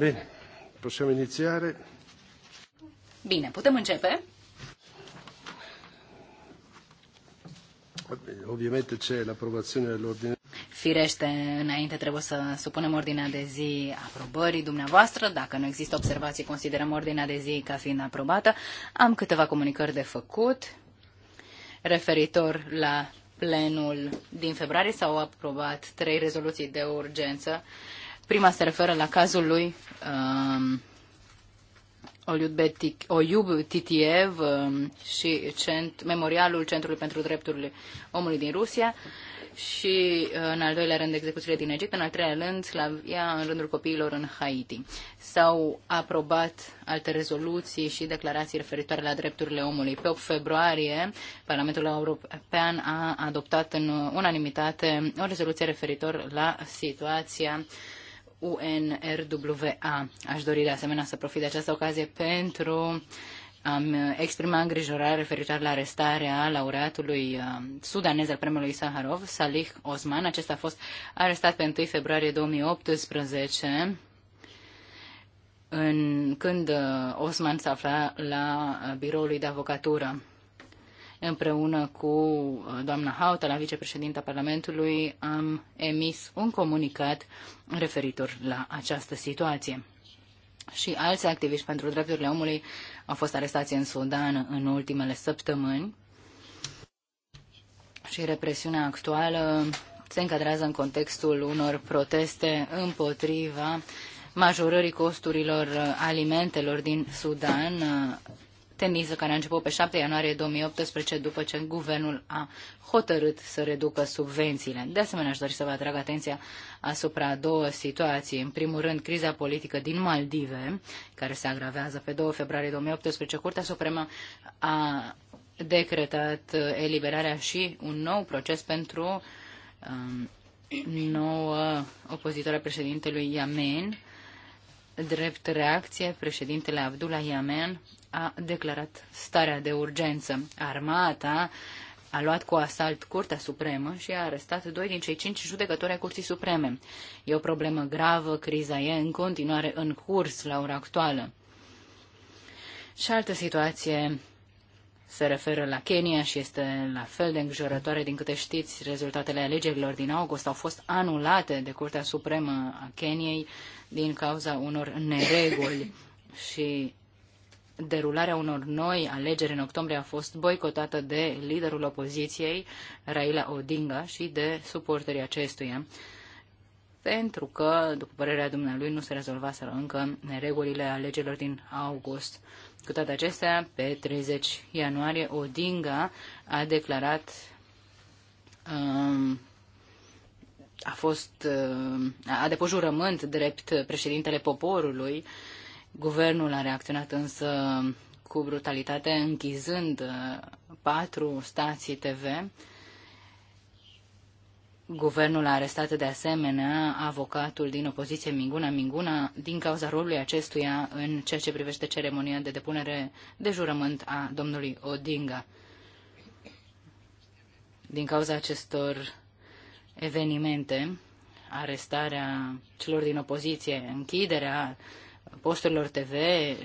Bine, putem iniziare. Bine, putem începe. Obviamente c'è l'approvazione dell'ordine. Firește, înainte trebuie să supunem ordinea de zi aprobării dumneavoastră. Dacă nu există observații, considerăm ordinea de zi ca fiind aprobată. Am câteva comunicări de făcut referitor la plenul din februarie s-au aprobat trei rezoluții de urgență Prima se referă la cazul lui um, Oyub Titiev um, și cent, memorialul Centrului pentru Drepturile Omului din Rusia și uh, în al doilea rând execuțiile din Egipt, în al treilea rând Slavia în rândul copiilor în Haiti. S-au aprobat alte rezoluții și declarații referitoare la drepturile omului. Pe 8 februarie, Parlamentul European a adoptat în unanimitate o rezoluție referitor la situația UNRWA. Aș dori de asemenea să profit de această ocazie pentru a exprima îngrijorare referitoare la arestarea laureatului uh, sudanez al premiului Saharov, Salih Osman. Acesta a fost arestat pe 1 februarie 2018, în, când uh, Osman s-a afla la uh, biroul lui de avocatură. Împreună cu uh, doamna la vicepreședinta Parlamentului, am emis un comunicat referitor la această situație. Și alți activiști pentru drepturile omului au fost arestați în Sudan în ultimele săptămâni și represiunea actuală se încadrează în contextul unor proteste împotriva majorării costurilor alimentelor din Sudan tendință care a început pe 7 ianuarie 2018 după ce guvernul a hotărât să reducă subvențiile. De asemenea, aș dori să vă atrag atenția asupra două situații. În primul rând, criza politică din Maldive, care se agravează pe 2 februarie 2018. Curtea Supremă a decretat eliberarea și un nou proces pentru um, nouă opozitoare președintelui Yamen. Drept reacție, președintele Abdullah Yamen a declarat starea de urgență. Armata a luat cu asalt Curtea Supremă și a arestat doi din cei cinci judecători ai Curții Supreme. E o problemă gravă, criza e în continuare în curs la ora actuală. Și altă situație se referă la Kenya și este la fel de îngrijorătoare din câte știți. Rezultatele alegerilor din august au fost anulate de Curtea Supremă a Keniei din cauza unor nereguli și derularea unor noi alegeri în octombrie a fost boicotată de liderul opoziției, Raila Odinga, și de suporterii acestuia, pentru că, după părerea dumnealui, nu se rezolvaseră încă regulile alegerilor din august. Cu toate acestea, pe 30 ianuarie, Odinga a declarat um, a fost um, a depus jurământ drept președintele poporului Guvernul a reacționat însă cu brutalitate, închizând uh, patru stații TV. Guvernul a arestat de asemenea avocatul din opoziție Minguna Minguna din cauza rolului acestuia în ceea ce privește ceremonia de depunere de jurământ a domnului Odinga. Din cauza acestor evenimente, arestarea celor din opoziție, închiderea posturilor TV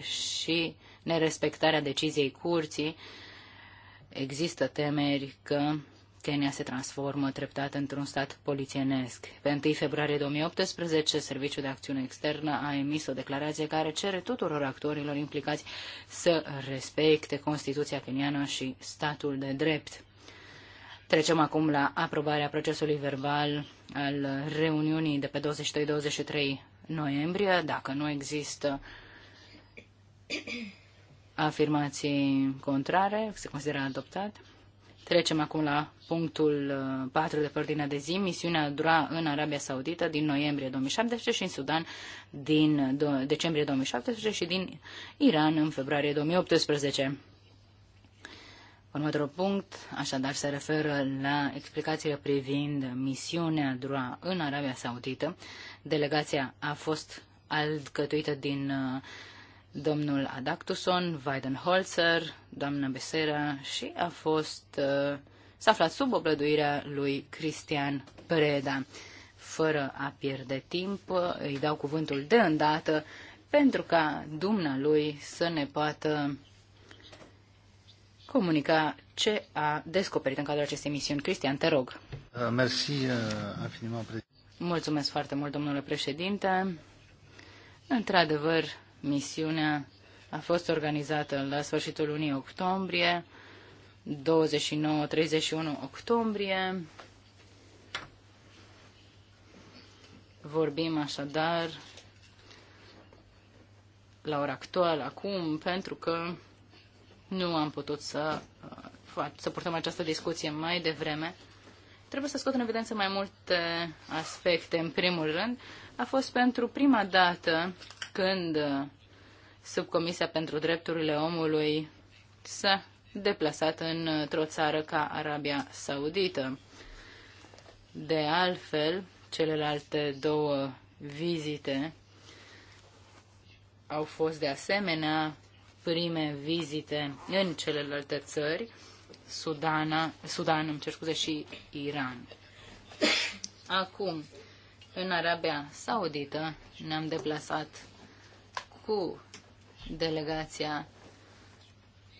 și nerespectarea deciziei curții, există temeri că Kenya se transformă treptat într-un stat polițienesc. Pe 1 februarie 2018, Serviciul de Acțiune Externă a emis o declarație care cere tuturor actorilor implicați să respecte Constituția keniană și statul de drept. Trecem acum la aprobarea procesului verbal al reuniunii de pe și 23 noiembrie, dacă nu există afirmații contrare, se consideră adoptat. Trecem acum la punctul 4 uh, de pe ordinea de zi. Misiunea dura în Arabia Saudită din noiembrie 2017 și în Sudan din decembrie 2017 și din Iran în februarie 2018. Următorul punct, așadar, se referă la explicațiile privind misiunea DROA în Arabia Saudită. Delegația a fost alcătuită din uh, domnul Adactuson, Weidenholzer, doamna Besera și a fost uh, s-a aflat sub oblăduirea lui Cristian Preda. Fără a pierde timp, îi dau cuvântul de îndată pentru ca dumnealui să ne poată comunica ce a descoperit în cadrul acestei misiuni. Cristian, te rog. Uh, Mersi, uh, Mulțumesc foarte mult, domnule președinte. Într-adevăr, misiunea a fost organizată la sfârșitul lunii octombrie, 29-31 octombrie. Vorbim așadar la ora actuală, acum, pentru că nu am putut să, uh, să purtăm această discuție mai devreme. Trebuie să scot în evidență mai multe aspecte. În primul rând, a fost pentru prima dată când uh, Subcomisia pentru Drepturile Omului s-a deplasat într-o țară ca Arabia Saudită. De altfel, celelalte două vizite au fost de asemenea prime vizite în celelalte țări, Sudana, Sudan, îmi cer scuze, și Iran. Acum, în Arabia Saudită, ne-am deplasat cu delegația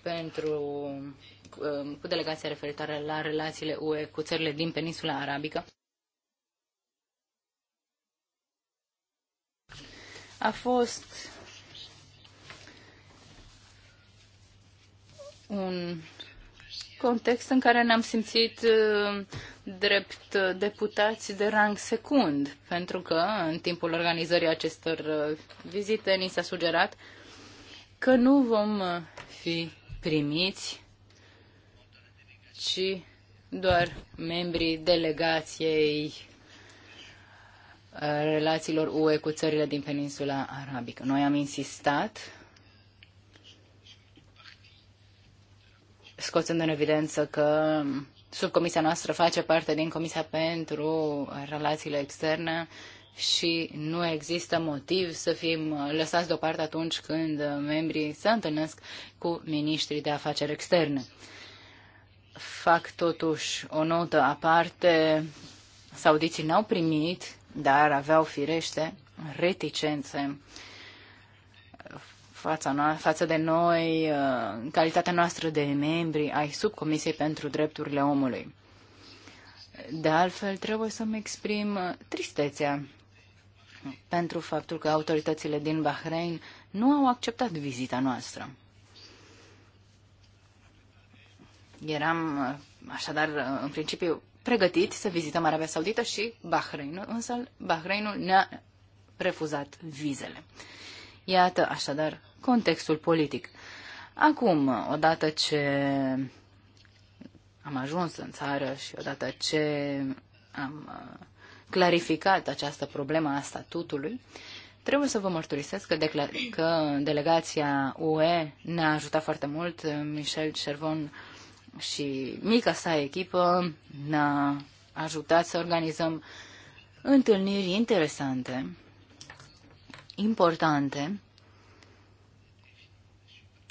pentru um, cu delegația referitoare la relațiile UE cu țările din peninsula arabică. A fost un context în care ne-am simțit uh, drept uh, deputați de rang secund, pentru că în timpul organizării acestor uh, vizite ni s-a sugerat că nu vom fi primiți, ci doar membrii delegației relațiilor UE cu țările din peninsula arabică. Noi am insistat scoțând în evidență că subcomisia noastră face parte din Comisia pentru Relațiile Externe și nu există motiv să fim lăsați deoparte atunci când membrii se întâlnesc cu ministrii de afaceri externe. Fac totuși o notă aparte. Saudiții n-au primit, dar aveau firește reticențe uh, fața față de noi uh, în calitatea noastră de membri ai Subcomisiei pentru Drepturile Omului. De altfel, trebuie să-mi exprim uh, tristețea pentru faptul că autoritățile din Bahrain nu au acceptat vizita noastră. Eram uh, așadar, în principiu, pregătiți să vizităm Arabia Saudită și Bahrainul, însă Bahrainul ne-a refuzat vizele. Iată, așadar, contextul politic. Acum, odată ce am ajuns în țară și odată ce am uh, clarificat această problemă a statutului, trebuie să vă mărturisesc că, decla- că delegația UE ne-a ajutat foarte mult. Michel Cervon și mica sa echipă ne-a ajutat să organizăm întâlniri interesante, importante,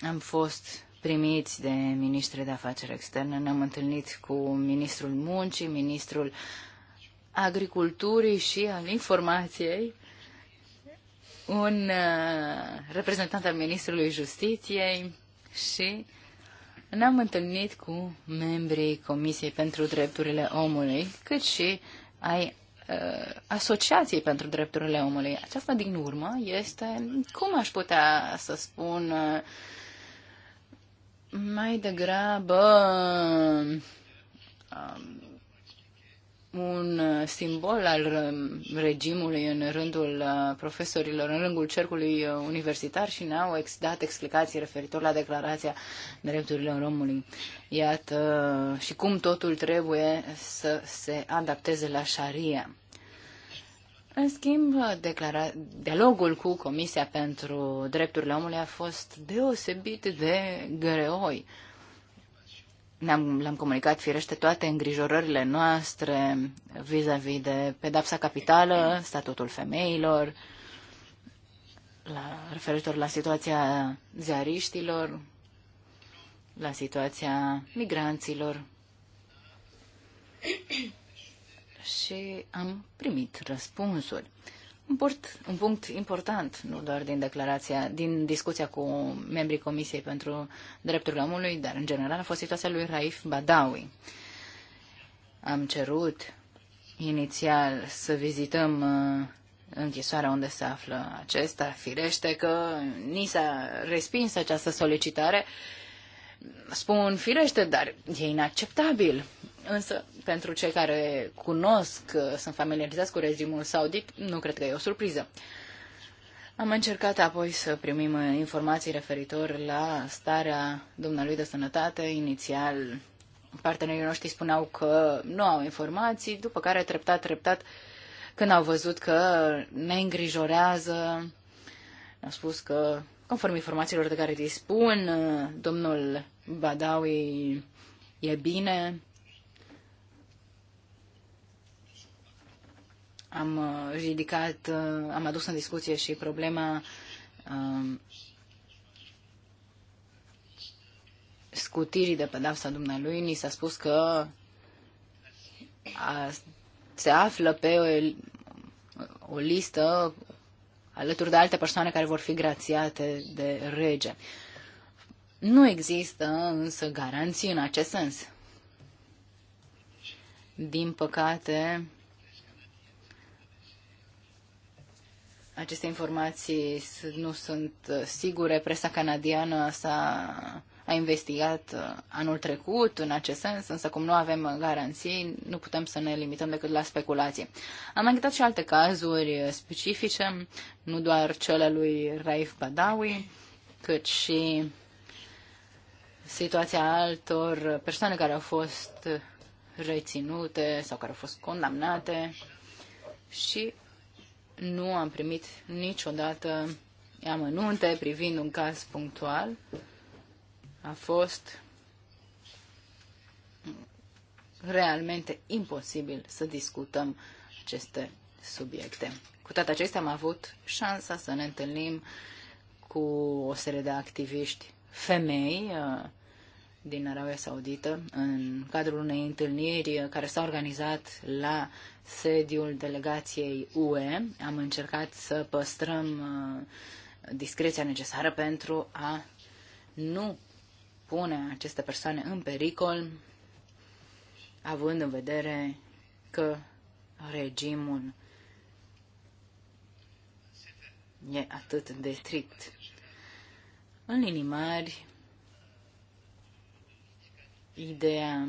am fost primiți de ministrii de afaceri externe, ne-am întâlnit cu ministrul muncii, ministrul agriculturii și al informației, un uh, reprezentant al ministrului justiției și ne-am întâlnit cu membrii Comisiei pentru Drepturile Omului, cât și ai uh, Asociației pentru Drepturile Omului. Aceasta, din urmă, este, cum aș putea să spun, uh, mai degrabă um, un simbol al regimului în rândul uh, profesorilor, în rândul cercului uh, universitar și ne-au dat explicații referitor la declarația drepturilor omului. Iată uh, și cum totul trebuie să se adapteze la șaria. În schimb, declara... dialogul cu Comisia pentru Drepturile Omului a fost deosebit de greoi. Ne-am, le-am comunicat firește toate îngrijorările noastre vis-a-vis -vis de pedapsa capitală, statutul femeilor, la, referitor la situația ziariștilor, la situația migranților și am primit răspunsuri. Un punct, un punct important, nu doar din declarația, din discuția cu membrii Comisiei pentru Drepturile Omului, dar în general a fost situația lui Raif Badawi. Am cerut inițial să vizităm uh, închisoarea unde se află acesta. Firește că ni s-a respins această solicitare. Spun firește, dar e inacceptabil. Însă, pentru cei care cunosc, uh, sunt familiarizați cu regimul saudit, nu cred că e o surpriză. Am încercat apoi să primim uh, informații referitor la starea dumnealui de sănătate. Inițial, partenerii noștri spuneau că nu au informații, după care, treptat, treptat, când au văzut că ne îngrijorează, au spus că, conform informațiilor de care dispun, uh, domnul Badawi e bine, Am uh, ridicat, uh, am adus în discuție și problema um, scutirii de pedapsa dumnealui. Ni s-a spus că a, se află pe o, o listă alături de alte persoane care vor fi grațiate de rege. Nu există însă garanții în acest sens. Din păcate, Aceste informații nu sunt uh, sigure. Presa canadiană s-a a investigat uh, anul trecut în acest sens, însă cum nu avem garanții, nu putem să ne limităm decât la speculații. Am anchetat și alte cazuri uh, specifice, nu doar cele lui Raif Badawi, cât și situația altor persoane care au fost reținute sau care au fost condamnate și nu am primit niciodată amănunte privind un caz punctual. A fost realmente imposibil să discutăm aceste subiecte. Cu toate acestea am avut șansa să ne întâlnim cu o serie de activiști femei, uh, din Arabia Saudită în cadrul unei întâlniri care s-a organizat la sediul delegației UE. Am încercat să păstrăm uh, discreția necesară pentru a nu pune aceste persoane în pericol, având în vedere că regimul e atât de strict. În linii mari, Ideea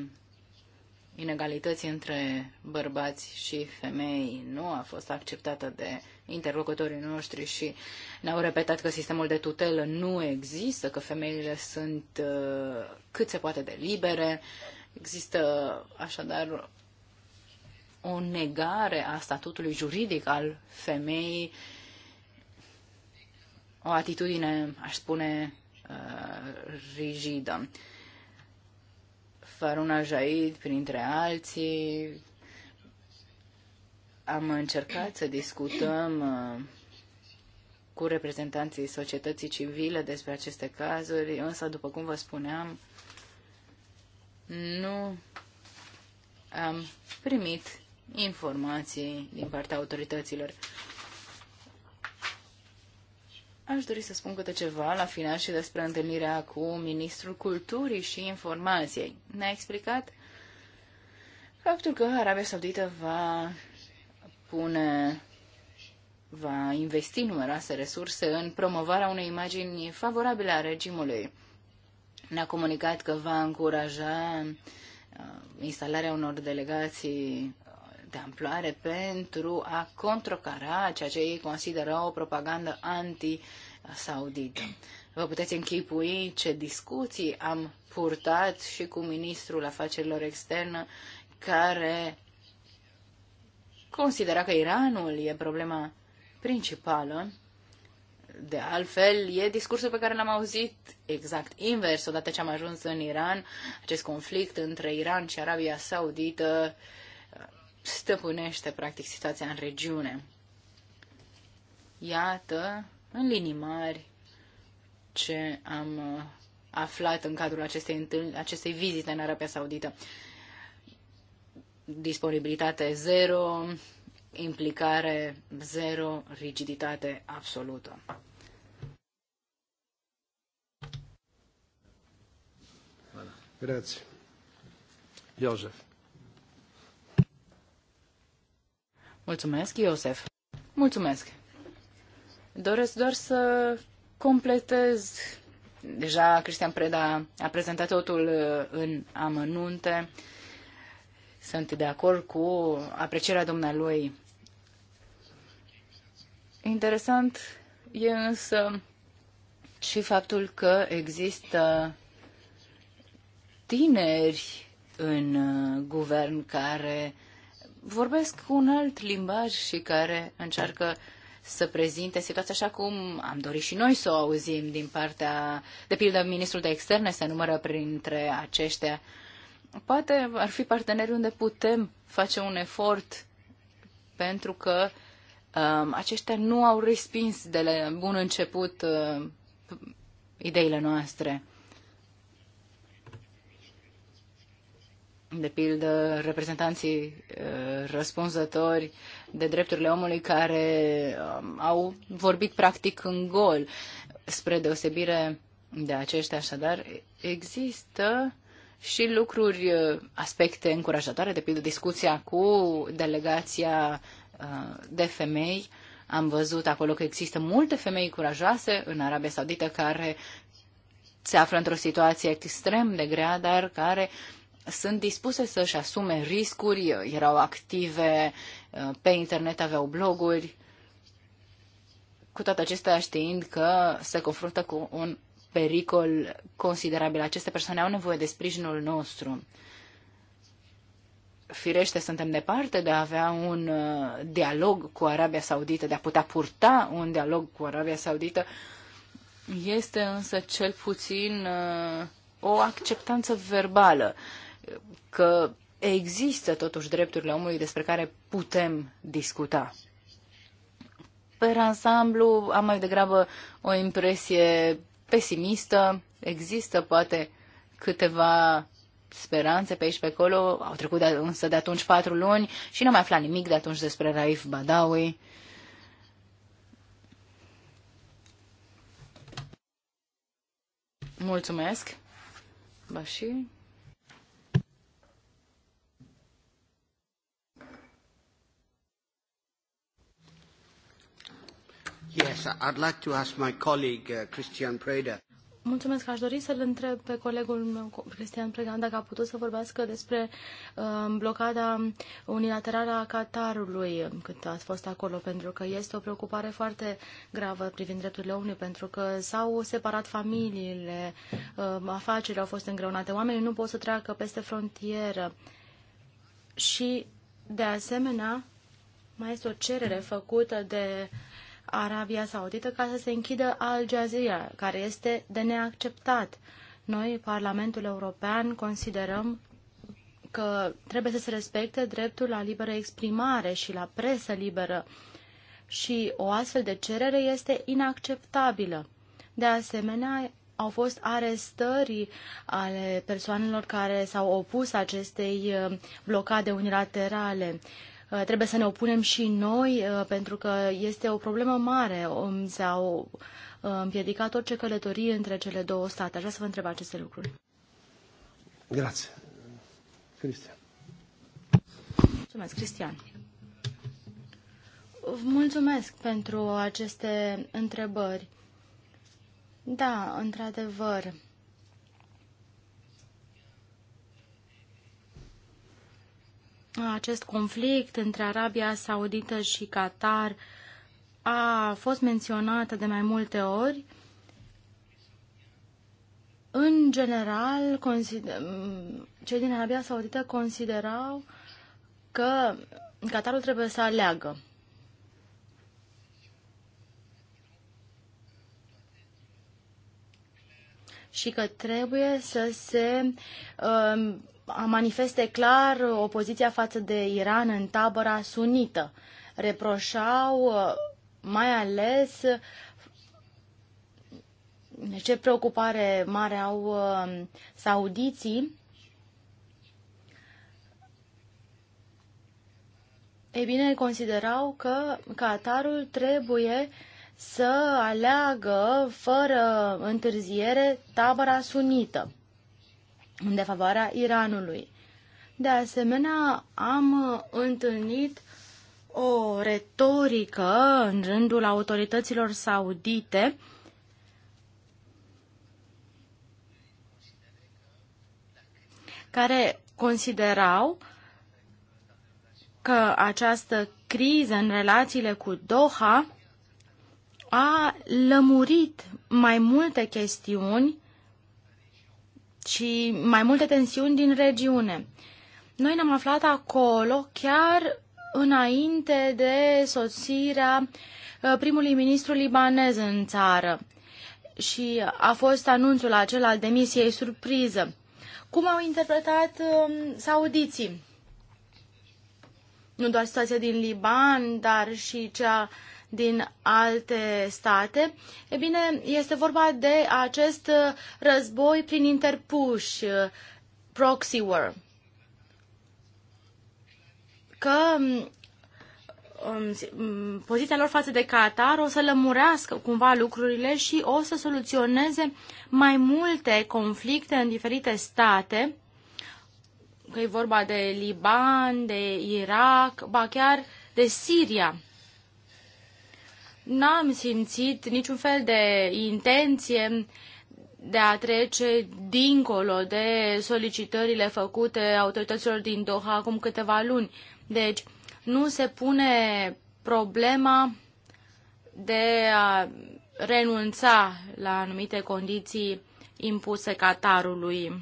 inegalității între bărbați și femei nu a fost acceptată de interlocutorii noștri și ne-au repetat că sistemul de tutelă nu există, că femeile sunt uh, cât se poate de libere. Există așadar o negare a statutului juridic al femeii, o atitudine, aș spune, uh, rigidă. Faruna Jaid, printre alții. Am încercat să discutăm uh, cu reprezentanții societății civile despre aceste cazuri, însă, după cum vă spuneam, nu am primit informații din partea autorităților. Aș dori să spun câte ceva la final și despre întâlnirea cu Ministrul Culturii și Informației. Ne-a explicat faptul că Arabia Saudită va pune va investi numeroase resurse în promovarea unei imagini favorabile a regimului. Ne-a comunicat că va încuraja uh, instalarea unor delegații de amploare pentru a controcara ceea ce ei consideră o propagandă anti-saudită. Vă puteți închipui ce discuții am purtat și cu ministrul afacerilor externe care considera că Iranul e problema principală. De altfel, e discursul pe care l-am auzit exact invers odată ce am ajuns în Iran. Acest conflict între Iran și Arabia Saudită uh, stăpânește, practic, situația în regiune. Iată, în linii mari, ce am uh, aflat în cadrul acestei, acestei vizite în Arabia Saudită. Disponibilitate zero, implicare zero, rigiditate absolută. Grazie. Iosef. Mulțumesc, Iosef. Mulțumesc. Doresc doar să completez. Deja Cristian Preda a prezentat totul uh, în amănunte. Sunt de acord cu aprecierea dumnealui. Interesant e însă și faptul că există tineri în uh, guvern care vorbesc cu un alt limbaj și care încearcă să prezinte situația așa cum am dorit și noi să o auzim din partea, de pildă, ministrul de externe se numără printre aceștia. Poate ar fi parteneri unde putem face un efort pentru că um, aceștia nu au respins de la bun început uh, ideile noastre. de pildă reprezentanții uh, răspunzători de drepturile omului care um, au vorbit practic în gol. Spre deosebire de aceștia, așadar, există și lucruri, uh, aspecte încurajatoare, de pildă discuția cu delegația uh, de femei. Am văzut acolo că există multe femei curajoase în Arabia Saudită care se află într-o situație extrem de grea, dar care uh, sunt dispuse să-și asume riscuri, erau active uh, pe internet, aveau bloguri, cu toate acestea știind că se confruntă cu un pericol considerabil. Aceste persoane au nevoie de sprijinul nostru. Firește, suntem departe de a avea un uh, dialog cu Arabia Saudită, de a putea purta un dialog cu Arabia Saudită. Este însă cel puțin uh, o acceptanță verbală că există totuși drepturile omului despre care putem discuta. Pe ansamblu am mai degrabă o impresie pesimistă. Există poate câteva speranțe pe aici pe acolo. Au trecut de, însă de atunci patru luni și nu am mai aflat nimic de atunci despre Raif Badawi. Mulțumesc. Bașir. Yes, I'd like to ask my colleague uh, Christian Mulțumesc. Aș dori să-l întreb pe colegul meu, Cristian Pregan, dacă a putut să vorbească despre uh, blocada unilaterală a Qatarului cât a fost acolo, pentru că este o preocupare foarte gravă privind drepturile omului, pentru că s-au separat familiile, uh, afacerile au fost îngreunate, oamenii nu pot să treacă peste frontieră. Și, de asemenea, mai este o cerere făcută de uh, Arabia Saudită ca să se închidă Al Jazeera, care este de neacceptat. Noi, Parlamentul European, considerăm că trebuie să se respecte dreptul la liberă exprimare și la presă liberă și o astfel de cerere este inacceptabilă. De asemenea, au fost arestări ale persoanelor care s-au opus acestei uh, blocade unilaterale Uh, trebuie să ne opunem și noi, uh, pentru că este o problemă mare. Um, s-au uh, împiedicat orice călătorie între cele două state. Așa să vă întreb aceste lucruri. Grație. Cristian. Mulțumesc, Cristian. Mulțumesc pentru aceste întrebări. Da, într-adevăr, acest conflict între Arabia Saudită și Qatar a fost menționată de mai multe ori. În general, cei din Arabia Saudită considerau că Qatarul trebuie să aleagă. Și că trebuie să se uh, manifeste clar opoziția față de Iran în tabăra sunită. Reproșau uh, mai ales uh, ce preocupare mare au uh, saudiții Ei bine, considerau că Qatarul trebuie să aleagă fără întârziere tabăra sunită în defavoarea Iranului. De asemenea, am întâlnit o retorică în rândul autorităților saudite care considerau că această criză în relațiile cu Doha a lămurit mai multe chestiuni ci mai multe tensiuni din regiune. Noi ne-am aflat acolo chiar înainte de sosirea uh, primului ministru libanez în țară și a fost anunțul acela al demisiei surpriză. Cum au interpretat um, saudiții? Nu doar situația din Liban, dar și cea din alte state. E bine, este vorba de acest război prin interpuși, proxy war. Că um, um, um, poziția lor față de Qatar o să lămurească cumva lucrurile și o să soluționeze mai multe conflicte în diferite state, că e vorba de Liban, de Irak, ba chiar de Siria n-am simțit niciun fel de intenție de a trece dincolo de solicitările făcute autorităților din Doha acum câteva luni. Deci, nu se pune problema de a renunța la anumite condiții impuse Qatarului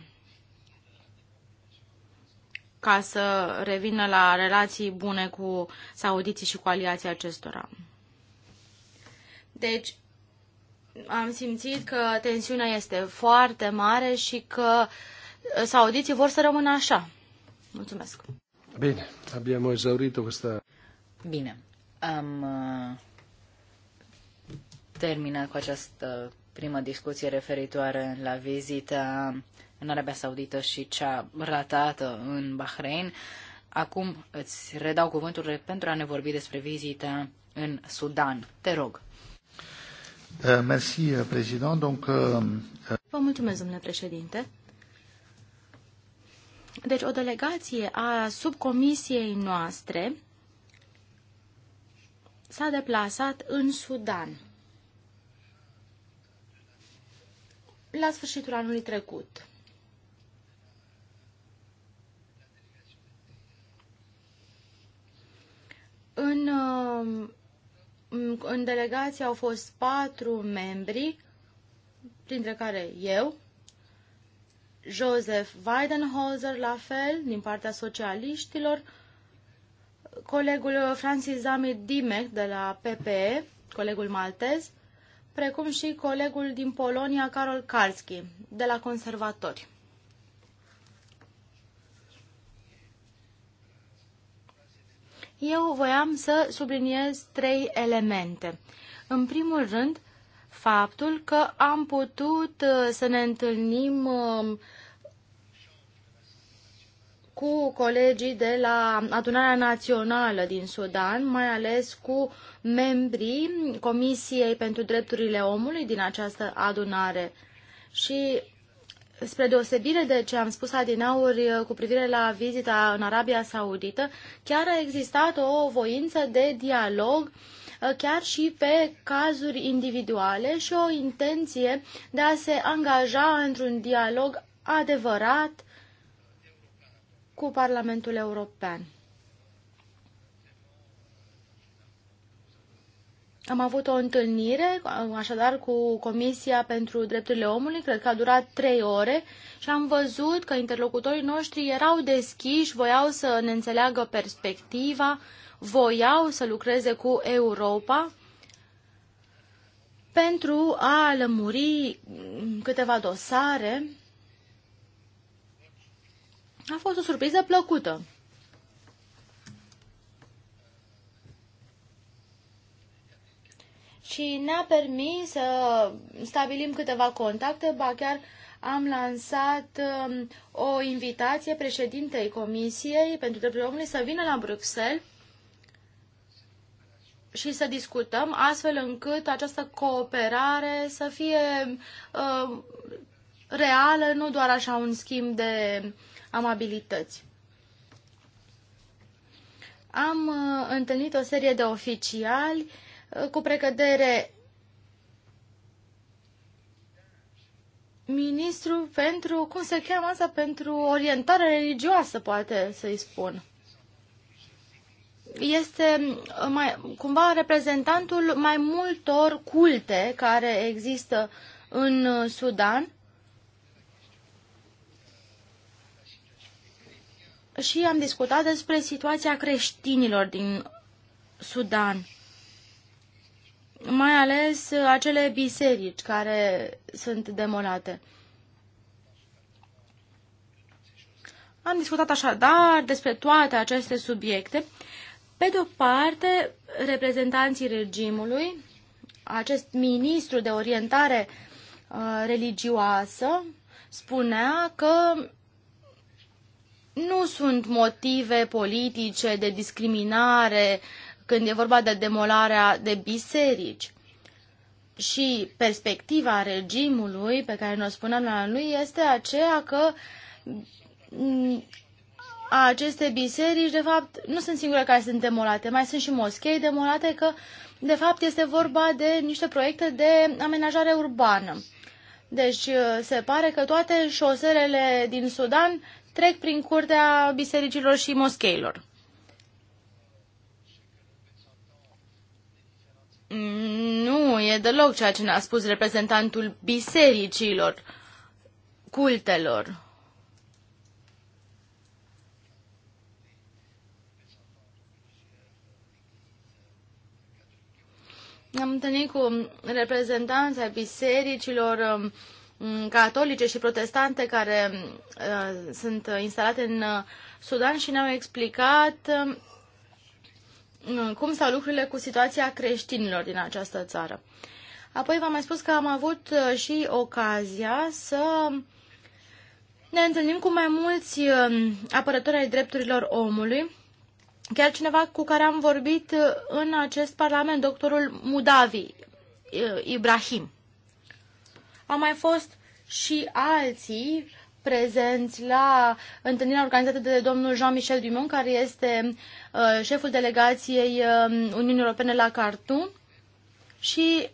ca să revină la relații bune cu saudiții și cu aliații acestora. Deci, am simțit că tensiunea este foarte mare și că uh, saudiții vor să rămână așa. Mulțumesc. Bine, abbiamo esaurito asta. Bine, am uh, terminat cu această primă discuție referitoare la vizita în Arabia Saudită și cea ratată în Bahrain. Acum îți redau cuvântul pentru a ne vorbi despre vizita în Sudan. Te rog. Euh, merci, euh, président. Donc, euh, Vă mulțumesc, domnule președinte. Deci, o delegație a subcomisiei noastre s-a deplasat în Sudan. La sfârșitul anului trecut. În uh, în delegație au fost patru membri, printre care eu, Joseph Weidenholzer, la fel, din partea socialiștilor, colegul Francis Zamit Dimec de la PPE, colegul maltez, precum și colegul din Polonia, Carol Karski, de la conservatori. eu voiam să subliniez trei elemente. În primul rând, faptul că am putut uh, să ne întâlnim um, cu colegii de la Adunarea Națională din Sudan, mai ales cu membrii Comisiei pentru Drepturile Omului din această adunare. Și spre deosebire de ce am spus adinauri uh, cu privire la vizita în Arabia Saudită, chiar a existat o voință de dialog uh, chiar și pe cazuri individuale și o intenție de a se angaja într-un dialog adevărat cu Parlamentul European. Am avut o întâlnire, așadar, cu Comisia pentru Drepturile Omului, cred că a durat trei ore și am văzut că interlocutorii noștri erau deschiși, voiau să ne înțeleagă perspectiva, voiau să lucreze cu Europa pentru a lămuri câteva dosare. A fost o surpriză plăcută. și ne-a permis să stabilim câteva contacte, ba chiar am lansat um, o invitație președintei Comisiei pentru Drepturile Omului să vină la Bruxelles și să discutăm astfel încât această cooperare să fie uh, reală, nu doar așa un schimb de amabilități. Am uh, întâlnit o serie de oficiali cu precădere ministru pentru, cum se cheamă asta, pentru orientare religioasă, poate să-i spun. Este mai, cumva reprezentantul mai multor culte care există în Sudan. Și am discutat despre situația creștinilor din Sudan mai ales acele biserici care sunt demolate. Am discutat așadar despre toate aceste subiecte. Pe de o parte, reprezentanții regimului, acest ministru de orientare uh, religioasă, spunea că nu sunt motive politice de discriminare când e vorba de demolarea de biserici. Și perspectiva regimului pe care ne-o spuneam la lui este aceea că mm, aceste biserici, de fapt, nu sunt singure care sunt demolate, mai sunt și moschei demolate, că, de fapt, este vorba de niște proiecte de amenajare urbană. Deci, uh, se pare că toate șoselele din Sudan trec prin curtea bisericilor și moscheilor. Nu e deloc ceea ce ne-a spus reprezentantul bisericilor, cultelor. Ne-am întâlnit cu reprezentanța bisericilor um, catolice și protestante care uh, sunt instalate în uh, Sudan și ne-au explicat um, Mm, cum stau lucrurile cu situația creștinilor din această țară. Apoi v-am mai spus că am avut uh, și ocazia să ne întâlnim cu mai mulți um, apărători ai drepturilor omului, chiar cineva cu care am vorbit uh, în acest parlament, doctorul Mudavi uh, Ibrahim. Au mai fost și alții prezenți la întâlnirea organizată de domnul Jean-Michel Dumont, care este uh, șeful delegației um, Uniunii Europene la Cartu. Și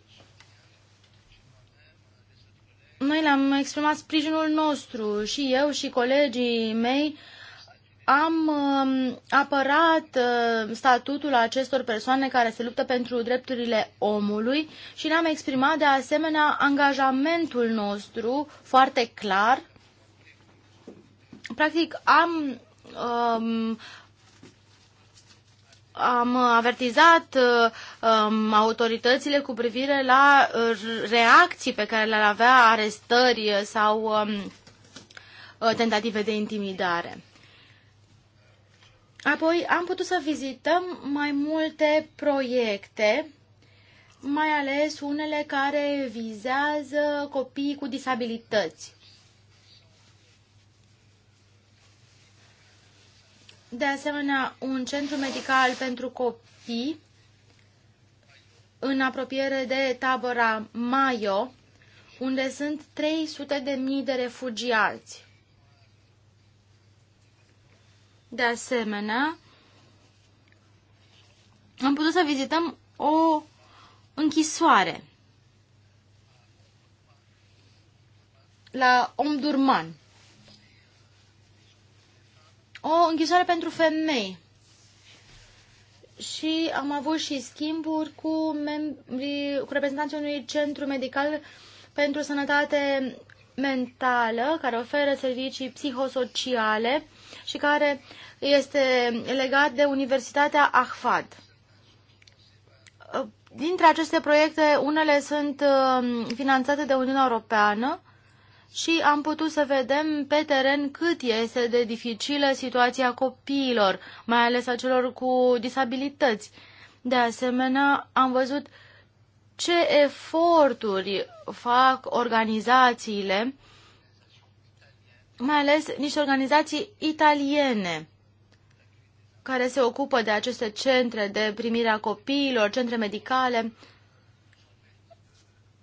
noi le-am exprimat sprijinul nostru și eu și colegii mei am um, apărat uh, statutul acestor persoane care se luptă pentru drepturile omului și ne-am exprimat de asemenea angajamentul nostru foarte clar practic, am um, am avertizat um, autoritățile cu privire la uh, reacții pe care le-ar avea arestări sau um, uh, tentative de intimidare. Apoi am putut să vizităm mai multe proiecte, mai ales unele care vizează copiii cu disabilități. de asemenea un centru medical pentru copii în apropiere de tabăra Mayo, unde sunt 300 de mii de refugiați. De asemenea, am putut să vizităm o închisoare la Omdurman o închisoare pentru femei. Și am avut și schimburi cu, membrii, cu reprezentanții unui centru medical pentru sănătate mentală, care oferă servicii psihosociale și care este legat de Universitatea Ahfad. Dintre aceste proiecte, unele sunt uh, finanțate de Uniunea Europeană și am putut să vedem pe teren cât este de dificilă situația copiilor, mai ales a celor cu disabilități. De asemenea, am văzut ce eforturi fac organizațiile, mai ales niște organizații italiene care se ocupă de aceste centre de primire a copiilor, centre medicale.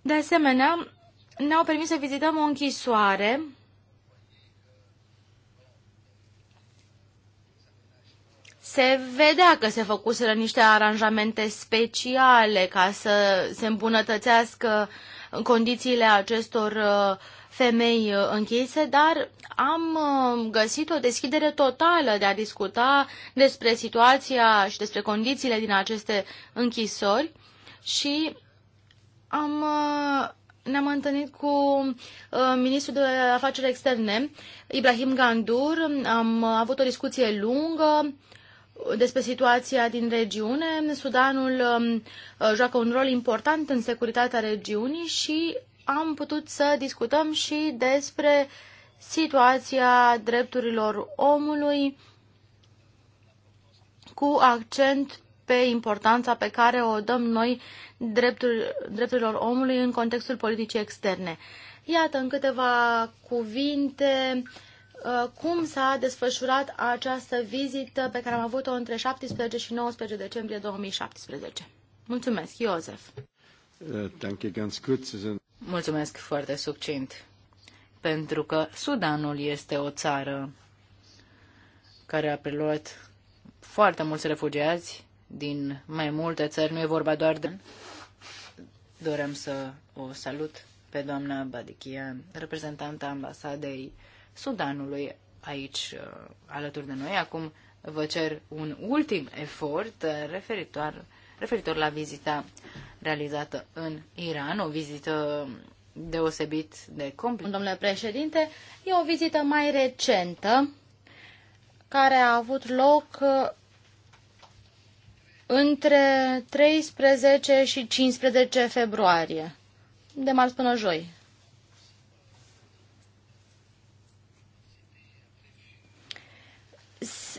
De asemenea, ne-au permis să vizităm o închisoare se vedea că se făcuseră niște aranjamente speciale ca să se îmbunătățească condițiile acestor uh, femei uh, închise, dar am uh, găsit o deschidere totală de a discuta despre situația și despre condițiile din aceste închisori și am ne-am întâlnit cu uh, ministrul de afaceri externe, Ibrahim Gandur. Am avut o discuție lungă despre situația din regiune. Sudanul um, uh, joacă un rol important în securitatea regiunii și am putut să discutăm și despre situația drepturilor omului cu accent pe importanța pe care o dăm noi dreptul, drepturilor omului în contextul politicii externe. Iată în câteva cuvinte uh, cum s-a desfășurat această vizită pe care am avut-o între 17 și 19 decembrie 2017. Mulțumesc, Iosef. Mulțumesc foarte succint, pentru că Sudanul este o țară care a preluat foarte mulți refugiați din mai multe țări, nu e vorba doar de... Dorem să o salut pe doamna Badichia, reprezentanta ambasadei Sudanului aici uh, alături de noi. Acum vă cer un ultim efort uh, referitor, referitor la vizita realizată în Iran, o vizită deosebit de complicată. Domnule președinte, e o vizită mai recentă care a avut loc uh, între 13 și 15 februarie, de marți până joi.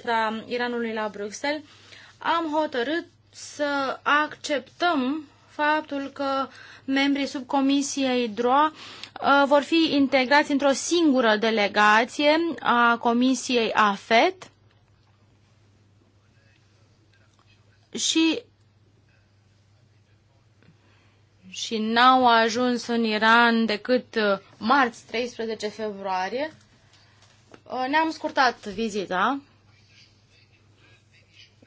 Da, Iranului la Bruxelles, am hotărât să acceptăm faptul că membrii subcomisiei DROA uh, vor fi integrați într-o singură delegație a Comisiei AFET și și n-au ajuns în Iran decât uh, marți 13 februarie. Uh, ne-am scurtat vizita.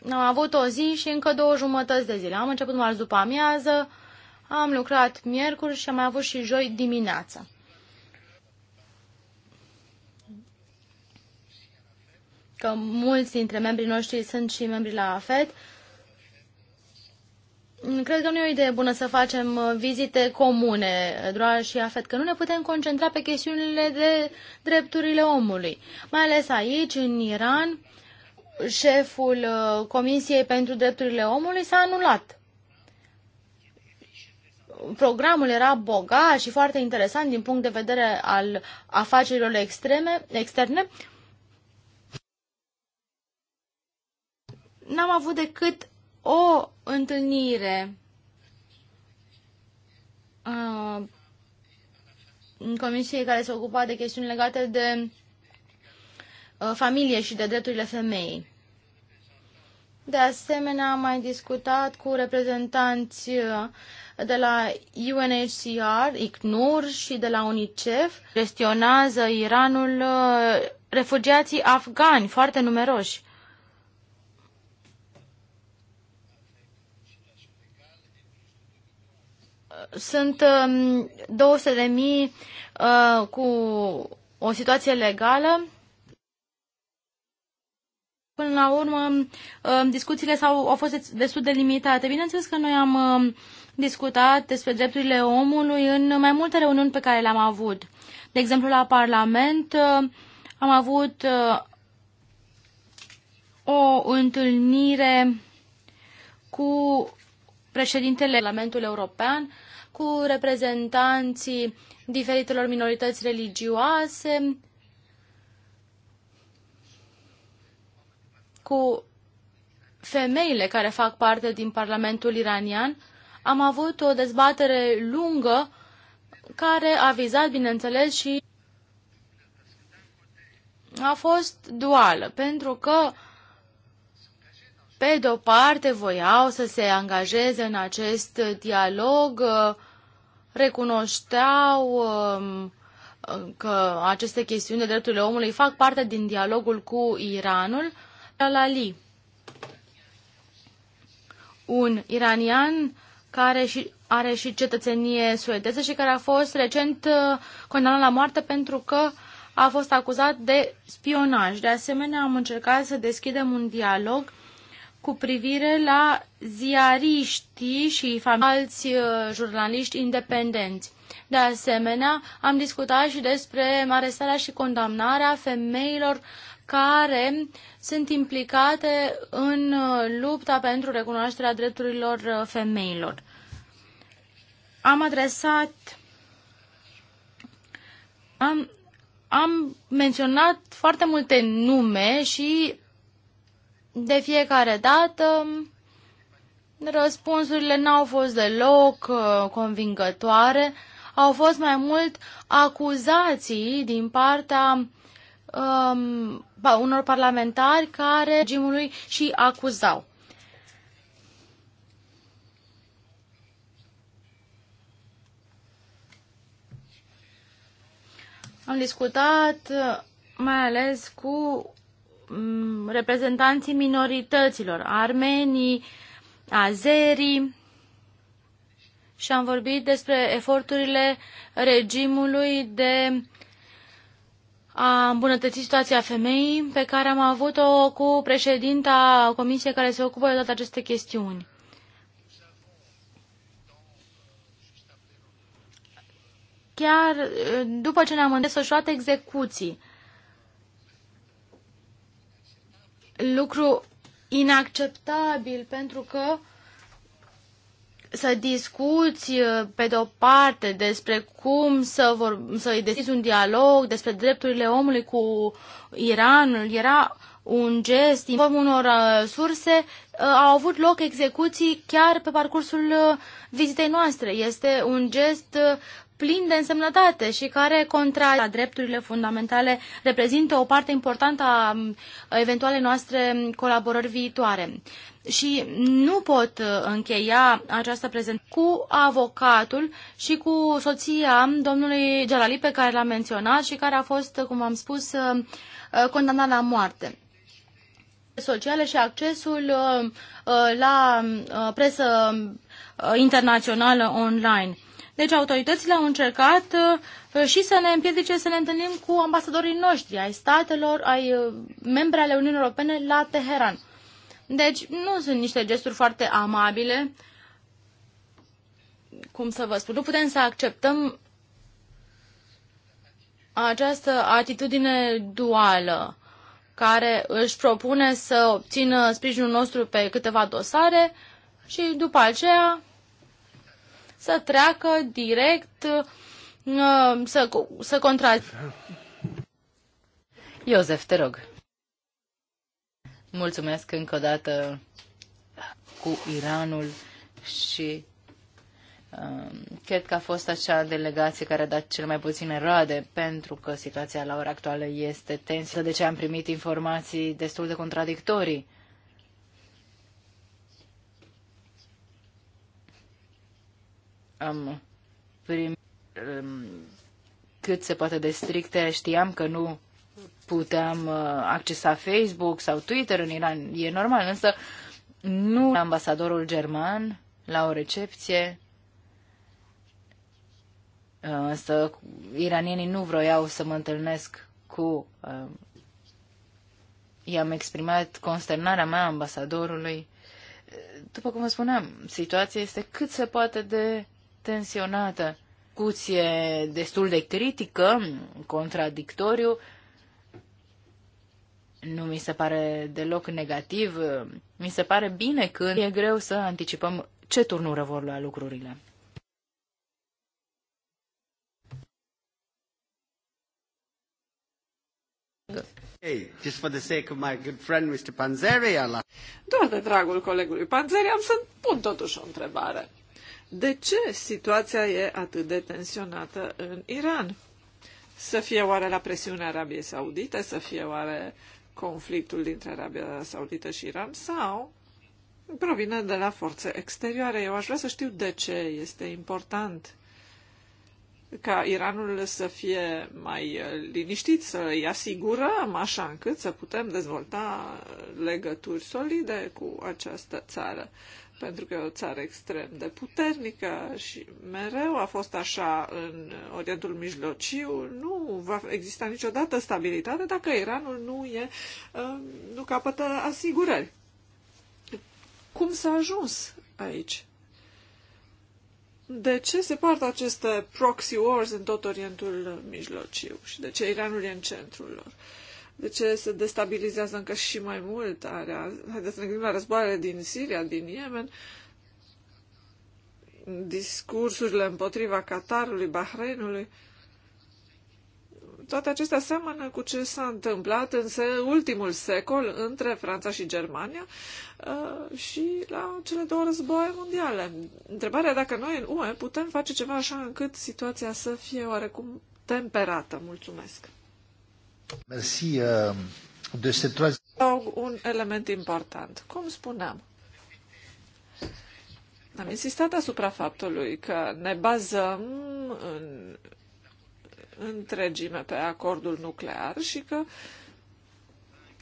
Am avut o zi și încă două jumătăți de zile. Am început marți după amiază, am lucrat miercuri și am mai avut și joi dimineața. Că mulți dintre membrii noștri sunt și membri la Uh, Cred că nu e o idee bună să facem uh, vizite comune, doar și afet, că nu ne putem concentra pe chestiunile de drepturile omului. Mai ales aici, în Iran, șeful uh, Comisiei pentru Drepturile Omului s-a anulat. Programul era bogat și foarte interesant din punct de vedere al afacerilor extreme, externe. N-am avut decât o întâlnire uh, în comisiei care se ocupa de chestiuni legate de uh, familie și de drepturile femeii. De asemenea, am mai discutat cu reprezentanți de la UNHCR, ICNUR și de la UNICEF. Gestionează Iranul refugiații afgani, foarte numeroși. sunt 200.000 um, de mii uh, cu o situație legală. Până la urmă, um, discuțiile s-au, au fost destul de limitate. Bineînțeles că noi am um, discutat despre drepturile omului în mai multe reuniuni pe care le-am avut. De exemplu, la Parlament uh, am avut uh, o întâlnire cu președintele Parlamentului European cu reprezentanții diferitelor minorități religioase, cu femeile care fac parte din Parlamentul iranian, am avut o dezbatere lungă care a vizat, bineînțeles, și a fost duală, pentru că pe de o parte, voiau să se angajeze în acest dialog, uh, recunoșteau um, că aceste chestiuni de drepturile omului fac parte din dialogul cu Iranul. Lalali, un iranian care și are și cetățenie suedeză și care a fost recent uh, condamnat la moarte pentru că a fost acuzat de spionaj. De asemenea, am încercat să deschidem un dialog cu privire la ziariștii și alți uh, jurnaliști independenți. De asemenea, am discutat și despre arestarea și condamnarea femeilor care sunt implicate în uh, lupta pentru recunoașterea drepturilor uh, femeilor. Am adresat am, am menționat foarte multe nume și de fiecare dată răspunsurile n-au fost deloc uh, convingătoare, au fost mai mult acuzații din partea um, unor parlamentari care regimului și acuzau. Am discutat uh, mai ales cu Mm, reprezentanții minorităților, armenii, azerii, și am vorbit despre eforturile regimului de a îmbunătăți situația femeii pe care am avut-o cu președinta comisiei care se ocupă de toate aceste chestiuni. Chiar după ce ne-am îndesfășurat execuții, lucru inacceptabil pentru că să discuți uh, pe de o parte despre cum să, vor, să deschizi un dialog despre drepturile omului cu Iranul era un gest, conform unor uh, surse, uh, au avut loc execuții chiar pe parcursul vizitei noastre. Este un gest plin de însemnătate și care contra drepturile fundamentale reprezintă o parte importantă a eventuale noastre colaborări viitoare. Și nu pot uh, încheia această prezentare cu avocatul și cu soția domnului Gelali pe care l-am menționat și care a fost, cum am spus, uh, uh, condamnat la moarte sociale și accesul la presă internațională online. Deci autoritățile au încercat uh, și să ne împiedice să ne întâlnim cu ambasadorii noștri, ai statelor, ai uh, membre ale Uniunii Europene la Teheran. Deci nu sunt niște gesturi foarte amabile, cum să vă spun, nu putem să acceptăm această atitudine duală care își propune să obțină sprijinul nostru pe câteva dosare și după aceea să treacă direct uh, să, să contra... Iosef, te rog. Mulțumesc încă o dată cu Iranul și um, cred că a fost acea delegație care a dat cel mai puține roade, pentru că situația la ora actuală este tensă, de ce am primit informații destul de contradictorii. am primit um, cât se poate de stricte, știam că nu puteam uh, accesa Facebook sau Twitter în Iran, e normal, însă nu ambasadorul german la o recepție, uh, însă iranienii nu vroiau să mă întâlnesc cu... Uh, i-am exprimat consternarea mea ambasadorului. După cum vă spuneam, situația este cât se poate de tensionată. Cuție destul de critică, contradictoriu, nu mi se pare deloc negativ. Mi se pare bine când e greu să anticipăm ce turnură vor lua lucrurile. Hey, just for the sake of my good friend, Mr. Panzeri, Doar de dragul colegului Panzeri am să pun totuși o întrebare de ce situația e atât de tensionată în Iran. Să fie oare la presiunea Arabiei Saudite, să fie oare conflictul dintre Arabia Saudită și Iran sau provine de la forțe exterioare. Eu aș vrea să știu de ce este important ca Iranul să fie mai liniștit, să îi asigurăm așa încât să putem dezvolta legături solide cu această țară pentru că e o țară extrem de puternică și mereu a fost așa în Orientul Mijlociu. Nu va exista niciodată stabilitate dacă Iranul nu, e, um, nu capătă asigurări. Cum s-a ajuns aici? De ce se poartă aceste proxy wars în tot Orientul Mijlociu și de ce Iranul e în centrul lor? Uh, de ce se destabilizează încă și mai mult area. Haideți să ne gândim la războaiele din Siria, din Yemen, discursurile împotriva Qatarului, Bahreinului. Toate acestea seamănă cu ce s-a întâmplat în ultimul secol între Franța și Germania uh, și la cele două războaie mondiale. Întrebarea dacă noi în UE putem face ceva așa încât situația să fie oarecum temperată. Mulțumesc! Mersi euh, de Un element important. Cum spuneam, am insistat asupra faptului că ne bazăm în întregime pe acordul nuclear și că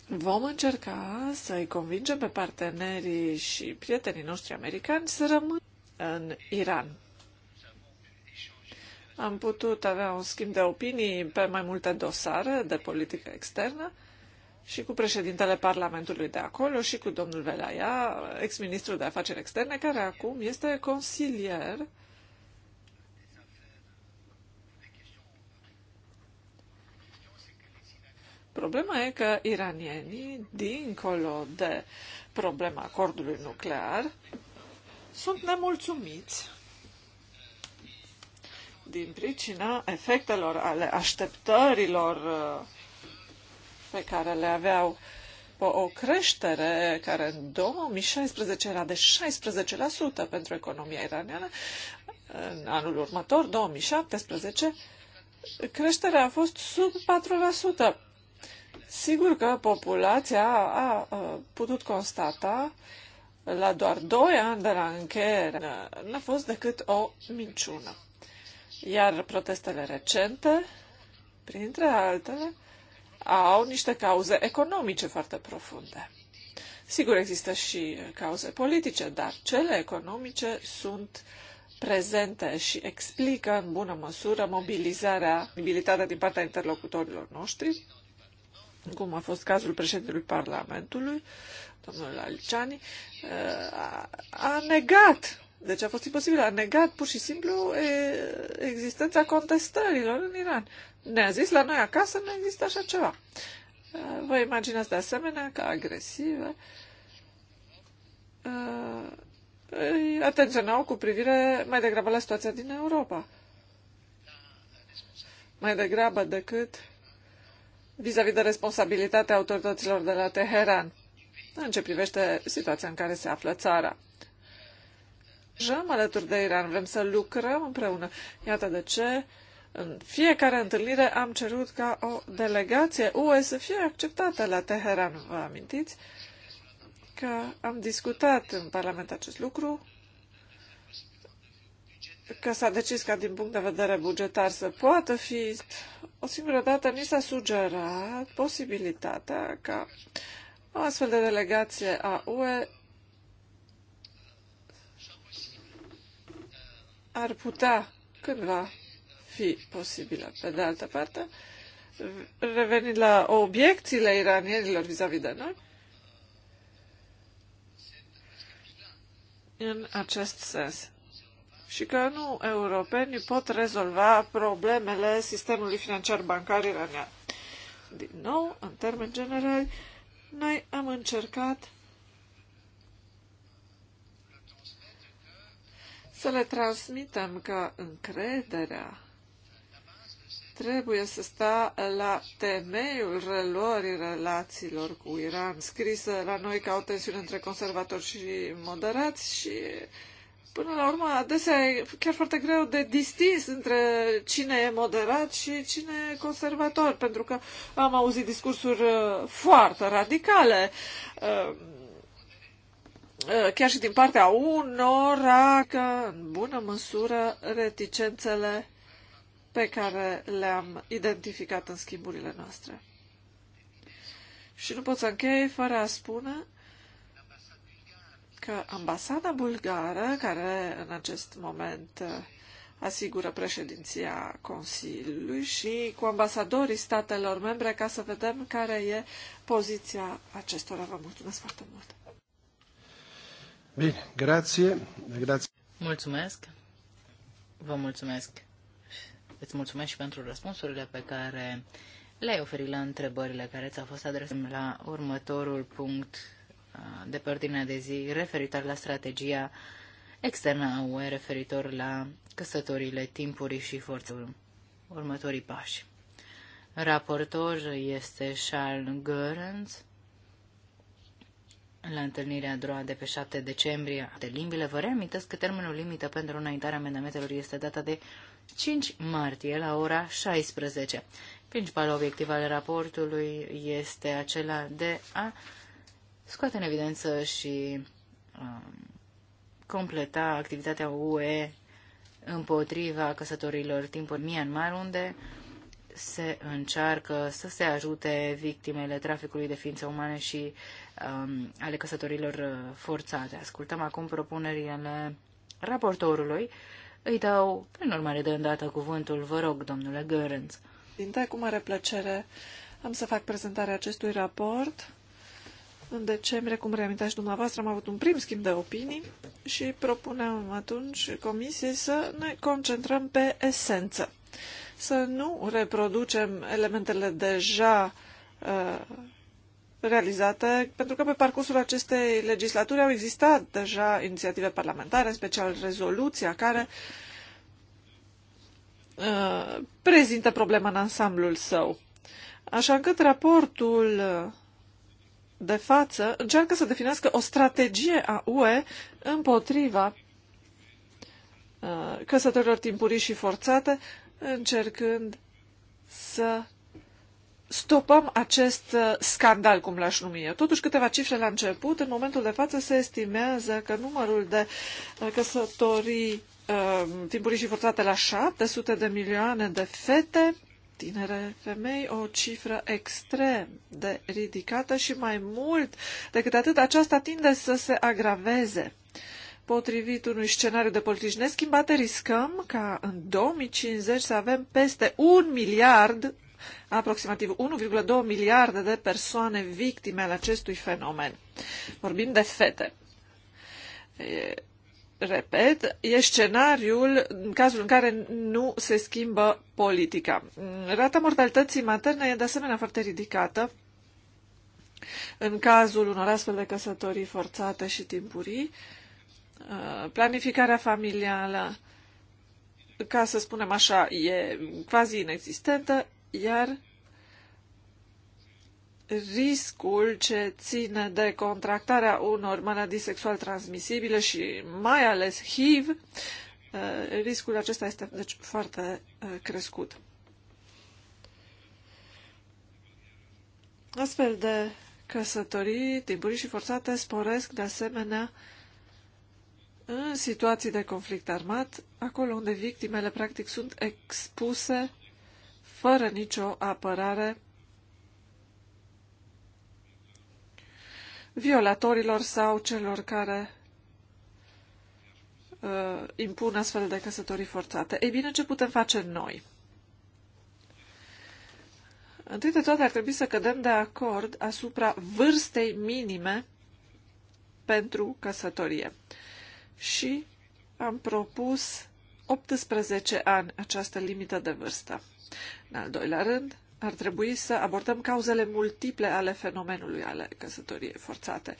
vom încerca să-i convingem pe partenerii și prietenii noștri americani să rămână în Iran. Am putut avea un schimb de opinii pe mai multe dosare de politică externă și cu președintele Parlamentului de acolo și cu domnul Velaia, ex-ministru de afaceri externe, care acum este consilier Problema e că iranienii, dincolo de problema acordului nuclear, sunt nemulțumiți din pricina efectelor ale așteptărilor uh, pe care le aveau o creștere care în 2016 era de 16% pentru economia iraniană, în anul următor, 2017, creșterea a fost sub 4%. Sigur că populația a putut constata la doar 2 ani de la încheiere. N-a fost decât o minciună. Iar protestele recente, printre altele, au niște cauze economice foarte profunde. Sigur, există și cauze politice, dar cele economice sunt prezente și explică în bună măsură mobilizarea, mobilitatea din partea interlocutorilor noștri, cum a fost cazul președintelui Parlamentului, domnul Aliciani, a negat deci a fost imposibil. A negat pur și simplu e, existența contestărilor în Iran. Ne-a zis la noi acasă nu există așa ceva. Vă imaginați de asemenea că agresivă îi atenționau cu privire mai degrabă la situația din Europa. Mai degrabă decât vis-a-vis -vis de responsabilitatea autorităților de la Teheran în ce privește situația în care se află țara angajăm alături de Iran, vrem să lucrăm împreună. Iată de ce în fiecare întâlnire am cerut ca o delegație UE să fie acceptată la Teheran. Vă amintiți că am discutat în Parlament acest lucru, că s-a decis ca din punct de vedere bugetar să poată fi. O singură dată ni s-a sugerat posibilitatea ca o astfel de delegație a UE ar putea cândva fi posibilă. Pe de altă parte, revenind la obiecțiile iranienilor vis-a-vis de noi, în acest sens. Și că nu europenii pot rezolva problemele sistemului financiar bancar iranian. Din nou, în termeni generali, noi am încercat să le transmitem că încrederea trebuie să stea la temeiul reluării relațiilor cu Iran, scrisă la noi ca o tensiune între conservatori și moderați și până la urmă adesea e chiar foarte greu de distins între cine e moderat și cine e conservator, pentru că am auzit discursuri uh, foarte radicale uh, Eh, chiar și din partea unora, că în bună măsură reticențele pe care le-am identificat în schimburile noastre. Și nu pot să închei fără a spune că ambasada bulgară, care în acest moment eh, asigură președinția Consiliului și cu ambasadorii statelor membre ca să vedem care e poziția acestora. Vă mulțumesc foarte mult! Bine, grație, grație. Mulțumesc. Vă mulțumesc. Îți mulțumesc și pentru răspunsurile pe care le-ai oferit la întrebările care ți-au fost adresate la următorul punct de pe ordinea de zi referitor la strategia externă a UE referitor la căsătorile timpurii și forțelor. Următorii pași. Raportor este Charles Görens la întâlnirea DROA de pe 7 decembrie de limbile, vă reamintesc că termenul limită pentru înaintarea amendamentelor este data de 5 martie la ora 16. Principalul obiectiv al raportului este acela de a scoate în evidență și um, completa activitatea UE împotriva căsătorilor timpuri Myanmar, unde se încearcă să se ajute victimele traficului de ființe umane și um, ale căsătorilor uh, forțate. Ascultăm acum propunerile raportorului. Îi dau, prin urmare, de îndată cuvântul. Vă rog, domnule Gărânț. Din cu mare plăcere am să fac prezentarea acestui raport. În decembrie, cum reamintați dumneavoastră, am avut un prim schimb de opinii și propunem, atunci comisiei să ne concentrăm pe esență să nu reproducem elementele deja uh, realizate, pentru că pe parcursul acestei legislaturi au existat deja inițiative parlamentare, în special rezoluția care uh, prezintă problema în ansamblul său. Așa încât raportul uh, de față încearcă să definească o strategie a UE împotriva căsătorilor timpurii și forțate, încercând să stopăm acest uh, scandal, cum l-aș numi eu. Totuși, câteva cifre la început. În momentul de față se estimează că numărul de uh, căsătorii uh, timpurii și forțate la 700 de milioane de fete, tinere femei, o cifră extrem de ridicată și mai mult decât atât, aceasta tinde să se agraveze. Uh, potrivit unui scenariu de politici neschimbate, riscăm ca în 2050 să avem peste un miliard, aproximativ 1,2 miliarde de persoane victime ale acestui fenomen. Vorbim de fete. E, repet, e scenariul în cazul în care nu se schimbă politica. Rata mortalității materne e de asemenea foarte ridicată în cazul unor astfel de căsătorii forțate și timpurii Uh, planificarea familială, ca să spunem așa, e quasi inexistentă, iar riscul ce ține de contractarea unor maladii sexual transmisibile și mai ales HIV, uh, riscul acesta este deci, foarte uh, crescut. Astfel de căsătorii timpurii și forțate sporesc de asemenea uh, în situații de conflict armat, acolo unde victimele practic sunt expuse fără nicio apărare violatorilor sau celor care uh, impun astfel de căsătorii forțate. Ei bine, ce putem face noi? Întâi de toate ar trebui să cădem de acord asupra vârstei minime pentru căsătorie. Uh, și am propus 18 ani această limită de vârstă. În al doilea rând, ar trebui să abordăm cauzele multiple ale fenomenului ale căsătoriei forțate.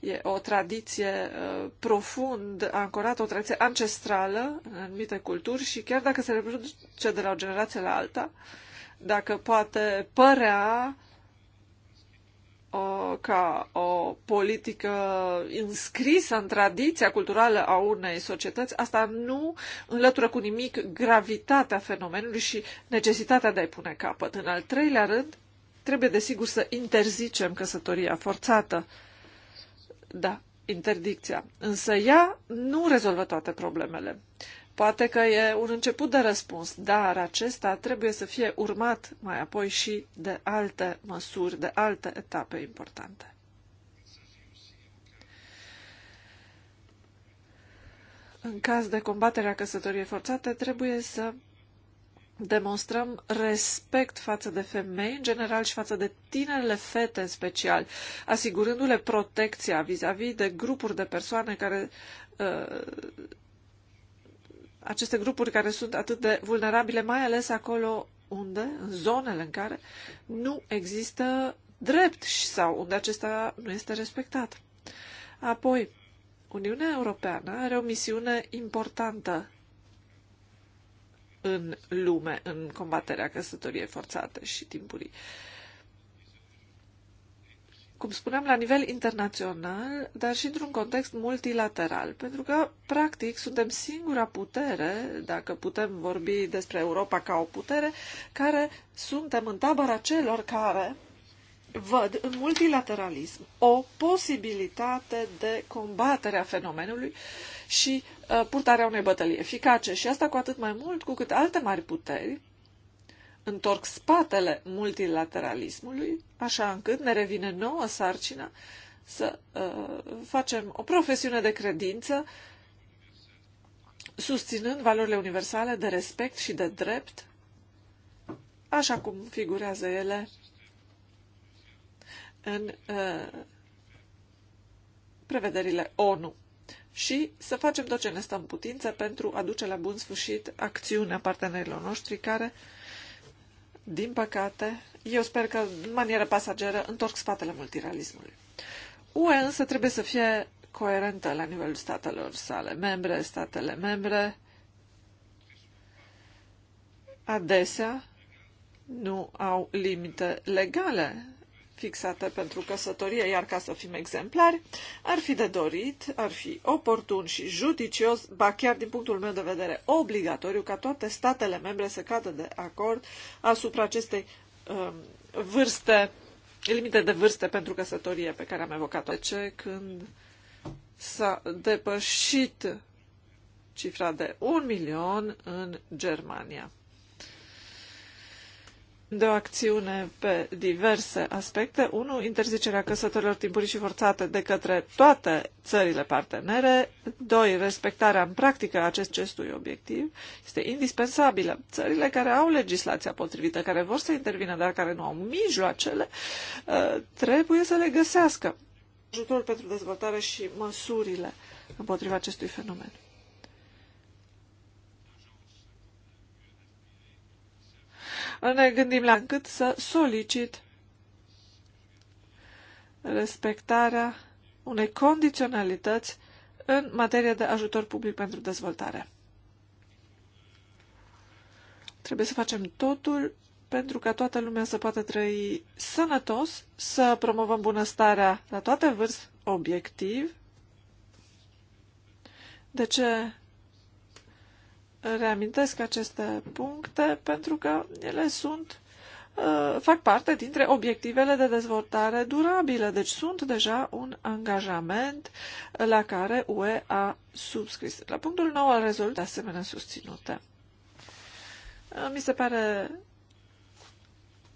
E o tradiție uh, profund ancorată, o tradiție ancestrală în anumite culturi și chiar dacă se reproduce de la o generație la alta, dacă poate părea ca o politică înscrisă în tradiția culturală a unei societăți, asta nu înlătură cu nimic gravitatea fenomenului și necesitatea de a-i pune capăt. În al treilea rând, trebuie desigur să interzicem căsătoria forțată. Da, interdicția. Însă ea nu rezolvă toate problemele. Poate că e un început de răspuns, dar acesta trebuie să fie urmat mai apoi și de alte măsuri, de alte etape importante. În caz de combatere a căsătoriei forțate, trebuie să demonstrăm respect față de femei în general și față de tinerele fete în special, asigurându-le protecția vis-a-vis -vis de grupuri de persoane care uh, aceste grupuri care sunt atât de vulnerabile, mai ales acolo unde, în zonele în care nu există drept sau unde acesta nu este respectat. Apoi, Uniunea Europeană are o misiune importantă în lume, în combaterea căsătoriei forțate și timpurii. Uh, cum spuneam, la nivel internațional, dar și într-un context multilateral. Pentru că, practic, suntem singura putere, dacă putem vorbi despre Europa ca o putere, care suntem în tabăra celor care văd în multilateralism o posibilitate de combatere a fenomenului și uh, purtarea unei bătălii eficace. Și asta cu atât mai mult cu cât alte mari puteri, întorc spatele multilateralismului, așa încât ne revine nouă sarcina să uh, facem o profesiune de credință susținând valorile universale de respect și de drept, așa cum figurează ele în uh, prevederile ONU și să facem tot ce ne stă în putință pentru a duce la bun sfârșit acțiunea partenerilor noștri care uh, din păcate, eu sper că, în manieră pasageră, întorc spatele multiralismului. UE însă trebuie să fie coerentă la nivelul statelor sale membre, statele membre, adesea nu au limite legale fixate pentru căsătorie, iar ca să fim exemplari, ar fi de dorit, ar fi oportun și judicios, ba chiar din punctul meu de vedere obligatoriu, ca toate statele membre să cadă de acord asupra acestei um, vârste, limite de vârste pentru căsătorie pe care am evocat-o. De ce când s-a depășit cifra de un milion în Germania de o acțiune pe diverse aspecte. unu, Interzicerea căsătorilor timpurii și forțate de către toate țările partenere. doi, Respectarea în practică a acestui obiectiv este indispensabilă. Țările care au legislația potrivită, care vor să intervină, dar care nu au mijloacele, uh, trebuie să le găsească. Ajutorul pentru dezvoltare și măsurile împotriva acestui fenomen. ne gândim la încât să solicit respectarea unei condiționalități în materie de ajutor public pentru dezvoltare. Trebuie să facem totul pentru ca toată lumea să poată trăi sănătos, să promovăm bunăstarea la toate vârste, obiectiv. De ce reamintesc aceste puncte pentru că ele sunt uh, fac parte dintre obiectivele de dezvoltare durabilă, deci sunt deja un angajament la care UE a subscris. La punctul nou al rezoluției, asemenea, susținute. Uh, mi se pare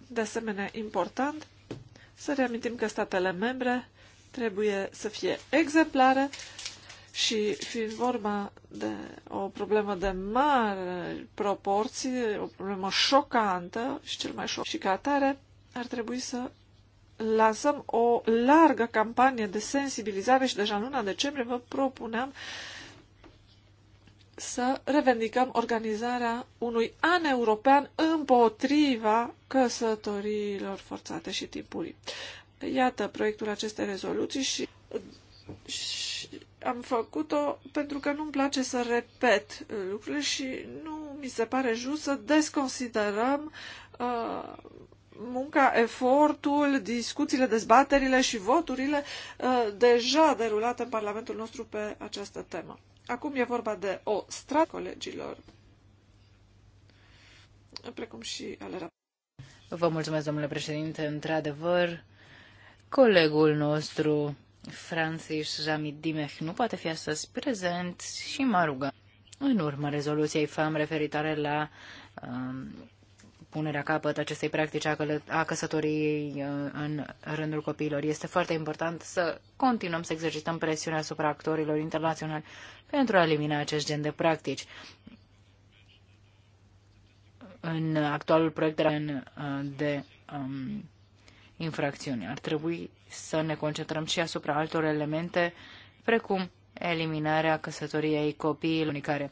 de asemenea important să reamintim că statele membre trebuie să fie exemplare și fiind vorba de o problemă de mare proporție, o problemă șocantă și cel mai șoc și ca atare, ar trebui să lansăm o largă campanie de sensibilizare și deja în luna decembrie vă propuneam să revendicăm organizarea unui an european împotriva căsătoriilor forțate și timpului. Iată proiectul acestei rezoluții și, și am făcut-o pentru că nu-mi place să repet uh, lucrurile și nu mi se pare just să desconsiderăm uh, munca, efortul, discuțiile, dezbaterile și voturile uh, deja derulate în Parlamentul nostru pe această temă. Acum e vorba de o strat colegilor, precum și ale Vă mulțumesc, domnule președinte. Într-adevăr, colegul nostru Francis Zamidimeh nu poate fi astăzi prezent și mă rugă. în urma rezoluției FAM referitoare la um, punerea capăt acestei practici a, căl- a căsătoriei uh, în rândul copiilor. Este foarte important să continuăm să exercităm presiunea asupra actorilor internaționali pentru a elimina acest gen de practici. În actualul proiect de, uh, de um, infracțiuni. Ar trebui să ne concentrăm și asupra altor elemente, precum eliminarea căsătoriei copiilor care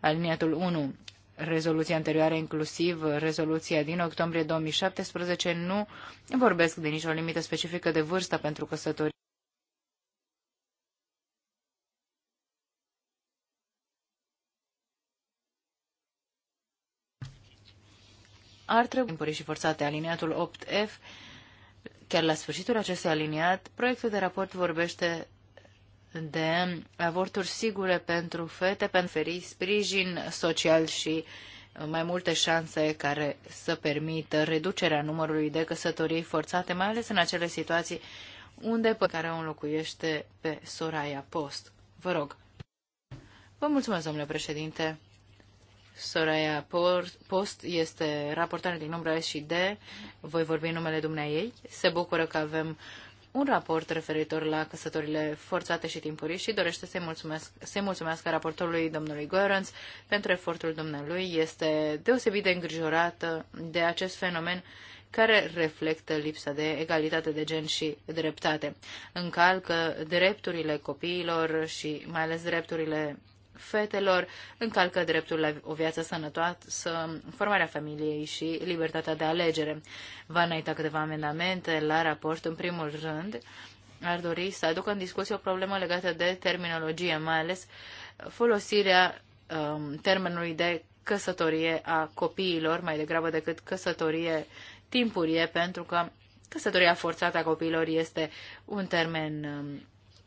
aliniatul 1 rezoluția anterioară, inclusiv rezoluția din octombrie 2017, nu vorbesc de nicio limită specifică de vârstă pentru căsătorie. Ar trebui și forțate aliniatul 8F Chiar la sfârșitul acestui aliniat, proiectul de raport vorbește de avorturi sigure pentru fete, pentru feri sprijin social și mai multe șanse care să permită reducerea numărului de căsătorii forțate, mai ales în acele situații unde pe care o înlocuiește pe Soraya Post. Vă rog. Vă mulțumesc, domnule președinte. Soraya Post este raportare din umbra și de Voi vorbi în numele dumneai ei. Se bucură că avem un raport referitor la căsătorile forțate și timpurii și dorește să-i mulțumesc, să mulțumească raportorului domnului Goerens pentru efortul dumnealui. Este deosebit de îngrijorată de acest fenomen care reflectă lipsa de egalitate de gen și dreptate. Încalcă drepturile copiilor și mai ales drepturile fetelor, încalcă dreptul la o viață sănătoasă, formarea familiei și libertatea de alegere. Va înainta câteva amendamente la raport, în primul rând, ar dori să aducă în discuție o problemă legată de terminologie, mai ales folosirea um, termenului de căsătorie a copiilor, mai degrabă decât căsătorie timpurie, pentru că căsătoria forțată a copiilor este un termen um,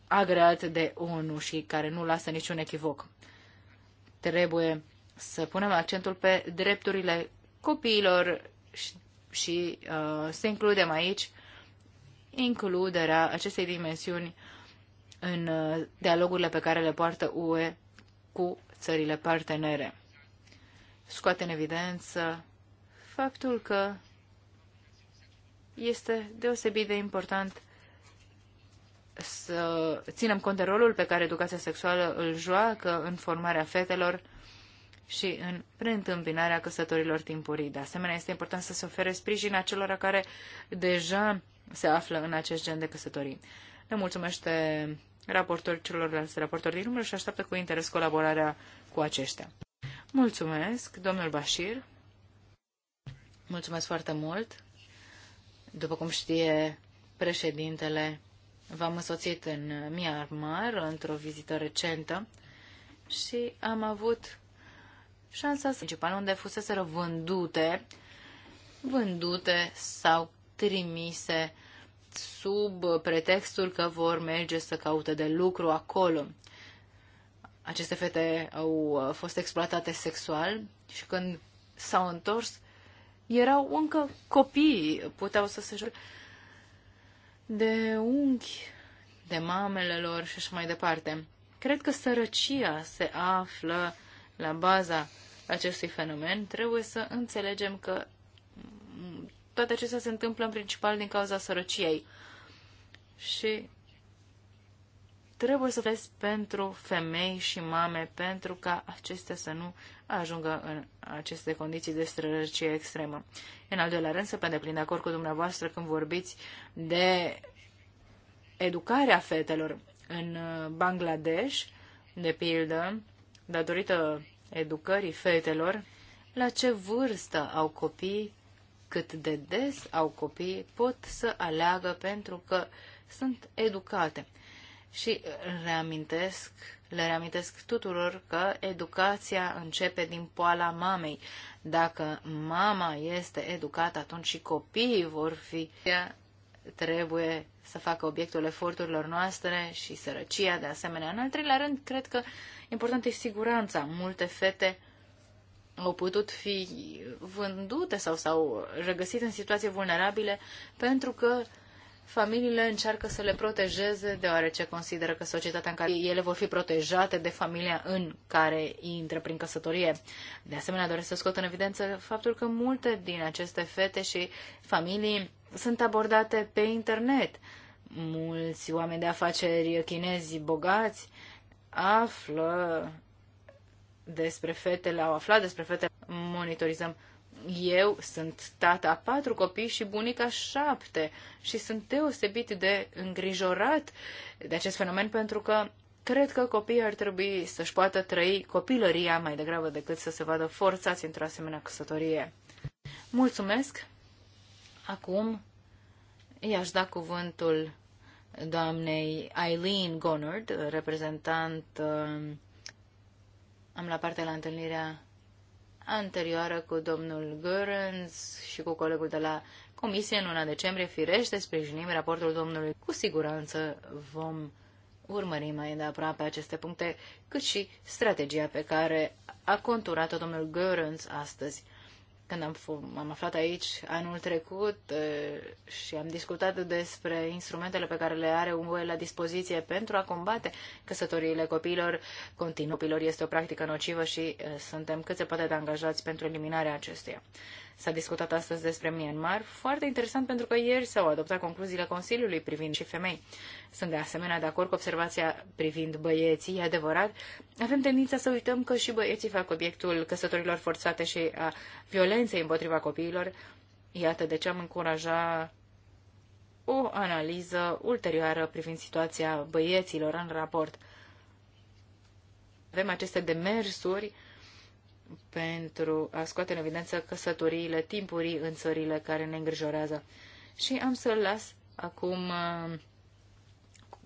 agreat de ONU și care nu lasă niciun echivoc. Trebuie să punem accentul pe drepturile copiilor și, și uh, să includem aici includerea acestei dimensiuni în uh, dialogurile pe care le poartă UE cu țările partenere. Scoate în evidență faptul că este deosebit de important să ținem cont de rolul pe care educația sexuală îl joacă în formarea fetelor și în preîntâmpinarea căsătorilor timpurii. De asemenea, este important să se ofere sprijin acelora care deja se află în acest gen de căsătorii. Ne mulțumește raportor, celorlalți raportori din umbră și așteaptă cu interes colaborarea cu aceștia. Mulțumesc, domnul Bashir. Mulțumesc foarte mult. După cum știe președintele V-am însoțit în Myanmar într-o vizită recentă și am avut șansa principală unde fuseseră vândute, vândute sau trimise sub pretextul că vor merge să caute de lucru acolo. Aceste fete au uh, fost exploatate sexual și când s-au întors, erau încă copii, puteau să se joace de unchi, de mamele lor și așa mai departe. Cred că sărăcia se află la baza acestui fenomen. Trebuie să înțelegem că toate acestea se întâmplă în principal din cauza sărăciei. Și trebuie să vezi pentru femei și mame, pentru ca acestea să nu ajungă în aceste condiții de sărăcie extremă. În al doilea rând, să pe deplin de acord cu dumneavoastră când vorbiți de educarea fetelor în Bangladesh, de pildă, datorită educării fetelor, la ce vârstă au copii, cât de des au copii, pot să aleagă pentru că sunt educate și reamintesc, le reamintesc tuturor că educația începe din poala mamei. Dacă mama este educată, atunci și copiii vor fi. Trebuie să facă obiectul eforturilor noastre și sărăcia de asemenea. În al treilea rând, cred că important e siguranța. Multe fete au putut fi vândute sau s-au regăsit în situații vulnerabile pentru că familiile încearcă să le protejeze deoarece consideră că societatea în care ele vor fi protejate de familia în care intră prin căsătorie. De asemenea, doresc să scot în evidență faptul că multe din aceste fete și familii sunt abordate pe internet. Mulți oameni de afaceri chinezi bogați află despre fetele, au aflat despre fetele, monitorizăm eu sunt tata a patru copii și bunica șapte și sunt deosebit de îngrijorat de acest fenomen pentru că cred că copiii ar trebui să-și poată trăi copilăria mai degrabă decât să se vadă forțați într-o asemenea căsătorie. Mulțumesc! Acum i-aș da cuvântul doamnei Eileen Gonard, reprezentant um, am la parte la întâlnirea anterioară cu domnul Görens și cu colegul de la Comisie în luna decembrie. Firește, sprijinim raportul domnului. Cu siguranță vom urmări mai de aproape aceste puncte, cât și strategia pe care a conturat-o domnul Görens astăzi. Când am, am aflat aici anul trecut și am discutat despre instrumentele pe care le are UE la dispoziție pentru a combate căsătoriile copiilor, continuă este o practică nocivă și suntem cât se poate de angajați pentru eliminarea acesteia. S-a discutat astăzi despre Myanmar, foarte interesant pentru că ieri s-au adoptat concluziile Consiliului privind și femei. Sunt de asemenea de acord cu observația privind băieții, e adevărat. Avem tendința să uităm că și băieții fac obiectul căsătorilor forțate și a violenței împotriva copiilor. Iată de ce am încuraja o analiză ulterioară privind situația băieților în raport. Avem aceste demersuri pentru a scoate în evidență căsătoriile timpurii în țările care ne îngrijorează. Și am să-l las acum, uh,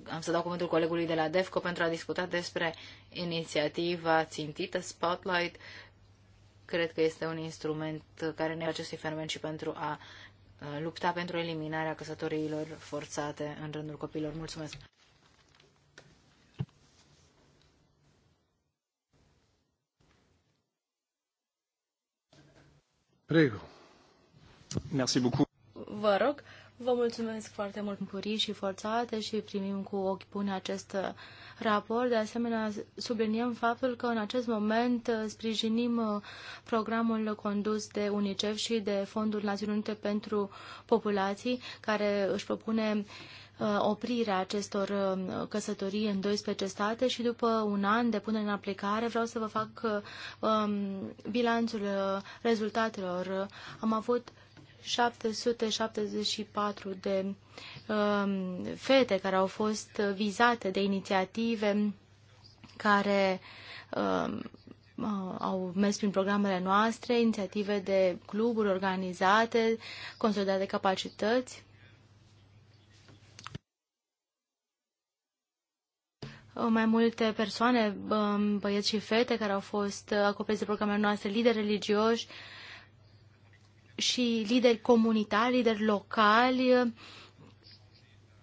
am să dau cuvântul colegului de la DEFCO pentru a discuta despre inițiativa țintită Spotlight. Cred că este un instrument care ne acestui fermen și pentru a uh, lupta pentru eliminarea căsătoriilor forțate în rândul copiilor. Mulțumesc! Președinte, Merci comisar stimați colegi Vă mulțumesc foarte mult, Curii și Forțate, și primim cu ochi buni acest uh, raport. De asemenea, subliniem faptul că în acest moment uh, sprijinim uh, programul condus de UNICEF și de Fondul Națiunii Unite pentru Populații, care își propune oprirea acestor căsătorii în 12 state și după un an de punere în aplicare vreau să vă fac um, bilanțul rezultatelor. Am avut 774 de uh, fete care au fost vizate de inițiative care um, uh, au mers prin programele noastre, inițiative de cluburi organizate, consolidate capacități. Uh, mai multe persoane, um, băieți și fete care au fost uh, acoperiți de programele noastre, lideri religioși, și lideri comunitari, lideri locali uh,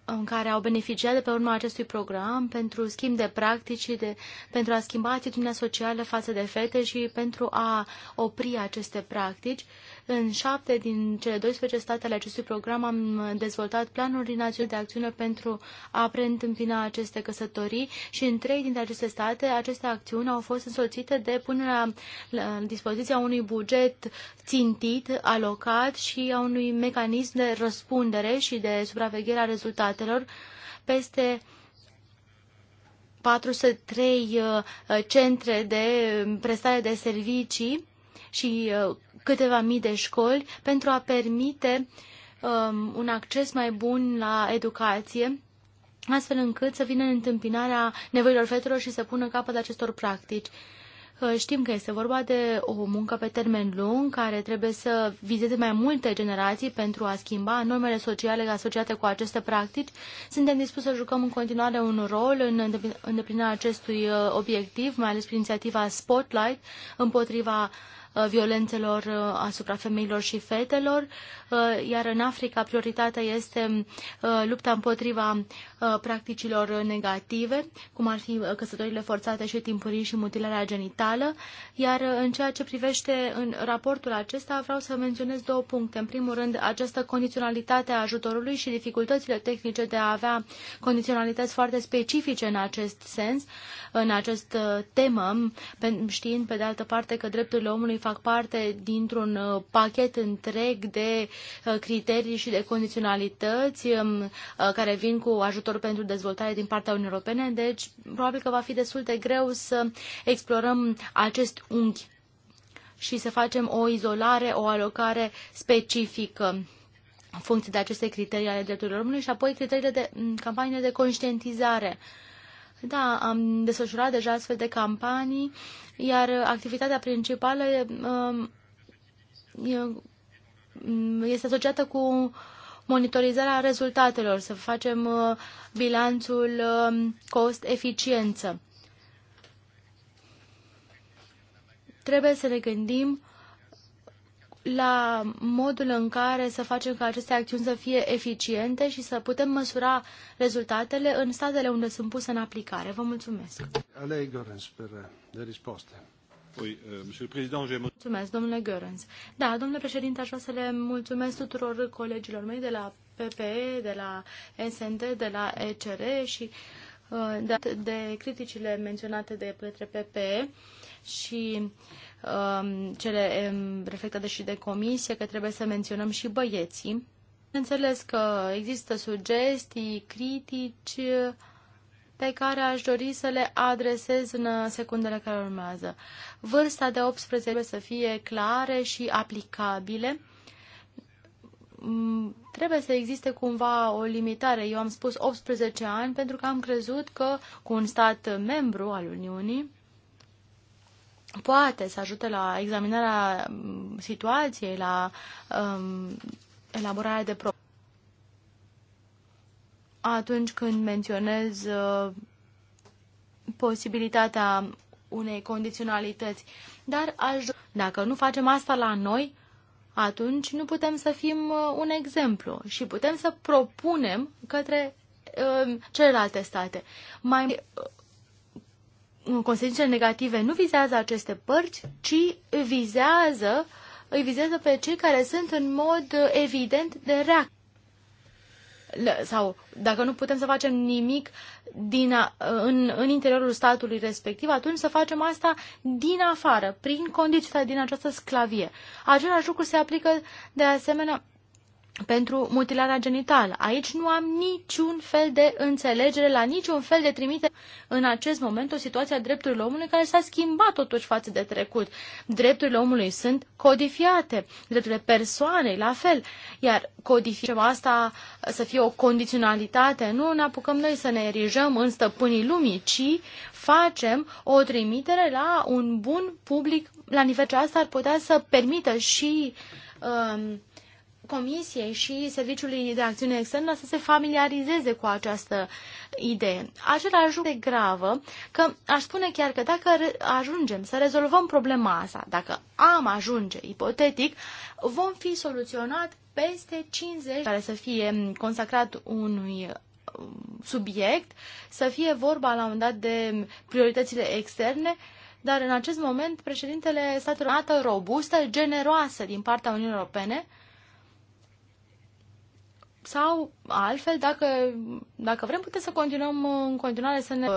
în care au beneficiat de pe urma acestui program pentru schimb de practici, de, pentru a schimba atitudinea socială față de fete și pentru a opri aceste practici în șapte din cele 12 state ale acestui program am dezvoltat planuri naționale de acțiune pentru a preîntâmpina aceste căsătorii și în trei dintre aceste state aceste acțiuni au fost însoțite de punerea la dispoziția unui buget țintit, alocat și a unui mecanism de răspundere și de supraveghere a rezultatelor peste 403 uh, centre de prestare de servicii și uh, câteva mii de școli pentru a permite um, un acces mai bun la educație, astfel încât să vină în întâmpinarea nevoilor fetelor și să pună capăt acestor practici. Uh, știm că este vorba de o muncă pe termen lung care trebuie să vizeze mai multe generații pentru a schimba normele sociale asociate cu aceste practici. Suntem dispuși să jucăm în continuare un rol în îndeplinirea acestui uh, obiectiv, mai ales prin inițiativa Spotlight împotriva Uh, violențelor uh, asupra femeilor și fetelor, uh, iar în Africa prioritatea este lupta împotriva Uh, practicilor negative, cum ar fi uh, căsătorile forțate și timpurii și mutilarea genitală. Iar uh, în ceea ce privește în raportul acesta, vreau să menționez două puncte. În primul rând, această condiționalitate a ajutorului și dificultățile tehnice de a avea condiționalități foarte specifice în acest sens, în acest temă, știind pe de altă parte că drepturile omului fac parte dintr-un pachet întreg de criterii și de condiționalități um, care vin cu ajutor ajutorul pentru dezvoltare din partea Uniunii Europene, deci probabil că va fi destul de greu să explorăm acest unghi și să facem o izolare, o alocare specifică în funcție de aceste criterii ale drepturilor omului și apoi criteriile de campanie de conștientizare. Da, am desfășurat deja astfel de campanii, iar activitatea principală este asociată cu monitorizarea rezultatelor, să facem uh, bilanțul uh, cost-eficiență. Trebuie să ne gândim la modul în care să facem ca aceste acțiuni să fie eficiente și să putem măsura rezultatele în statele unde sunt puse în aplicare. Vă mulțumesc. A lei, per le risposte. Euh, mulțumesc, domnule Görens. Da, domnule președinte, aș vrea să le mulțumesc tuturor colegilor mei de la PPE, de la SND, de la ECR și uh, de, de criticile menționate de către PPE și um, cele um, reflectate și de comisie, că trebuie să menționăm și băieții. Înțeles că există sugestii, critici, pe care aș dori să le adresez în uh, secundele care urmează. Vârsta de 18 trebuie să fie clare și aplicabile. Mm, trebuie să existe cumva o limitare. Eu am spus 18 ani pentru că am crezut că cu un stat membru al Uniunii poate să ajute la examinarea mm, situației, la um, elaborarea de probleme atunci când menționez uh, posibilitatea unei condiționalități. Dar aș, dacă nu facem asta la noi, atunci nu putem să fim uh, un exemplu și putem să propunem către uh, celelalte state. Mai uh, consecințele negative nu vizează aceste părți, ci vizează, îi vizează pe cei care sunt în mod uh, evident de reacție sau dacă nu putem să facem nimic din a, în, în interiorul statului respectiv, atunci să facem asta din afară, prin condiția din această sclavie. Același lucru se aplică de asemenea pentru mutilarea genitală. Aici nu am niciun fel de înțelegere, la niciun fel de trimite în acest moment o situație a drepturilor omului care s-a schimbat totuși față de trecut. Drepturile omului sunt codifiate, drepturile persoanei la fel, iar codificăm asta să fie o condiționalitate, nu ne apucăm noi să ne erijăm în stăpânii lumii, ci facem o trimitere la un bun public la nivel ce asta ar putea să permită și um, Comisiei și Serviciului de Acțiune Externă să se familiarizeze cu această idee. Același lucru de gravă că aș spune chiar că dacă ajungem să rezolvăm problema asta, dacă am ajunge, ipotetic, vom fi soluționat peste 50 care să fie consacrat unui um, subiect, să fie vorba la un dat de prioritățile externe, dar în acest moment președintele statului robustă, generoasă din partea Uniunii Europene, sau altfel, dacă, dacă vrem, putem să continuăm în continuare să ne...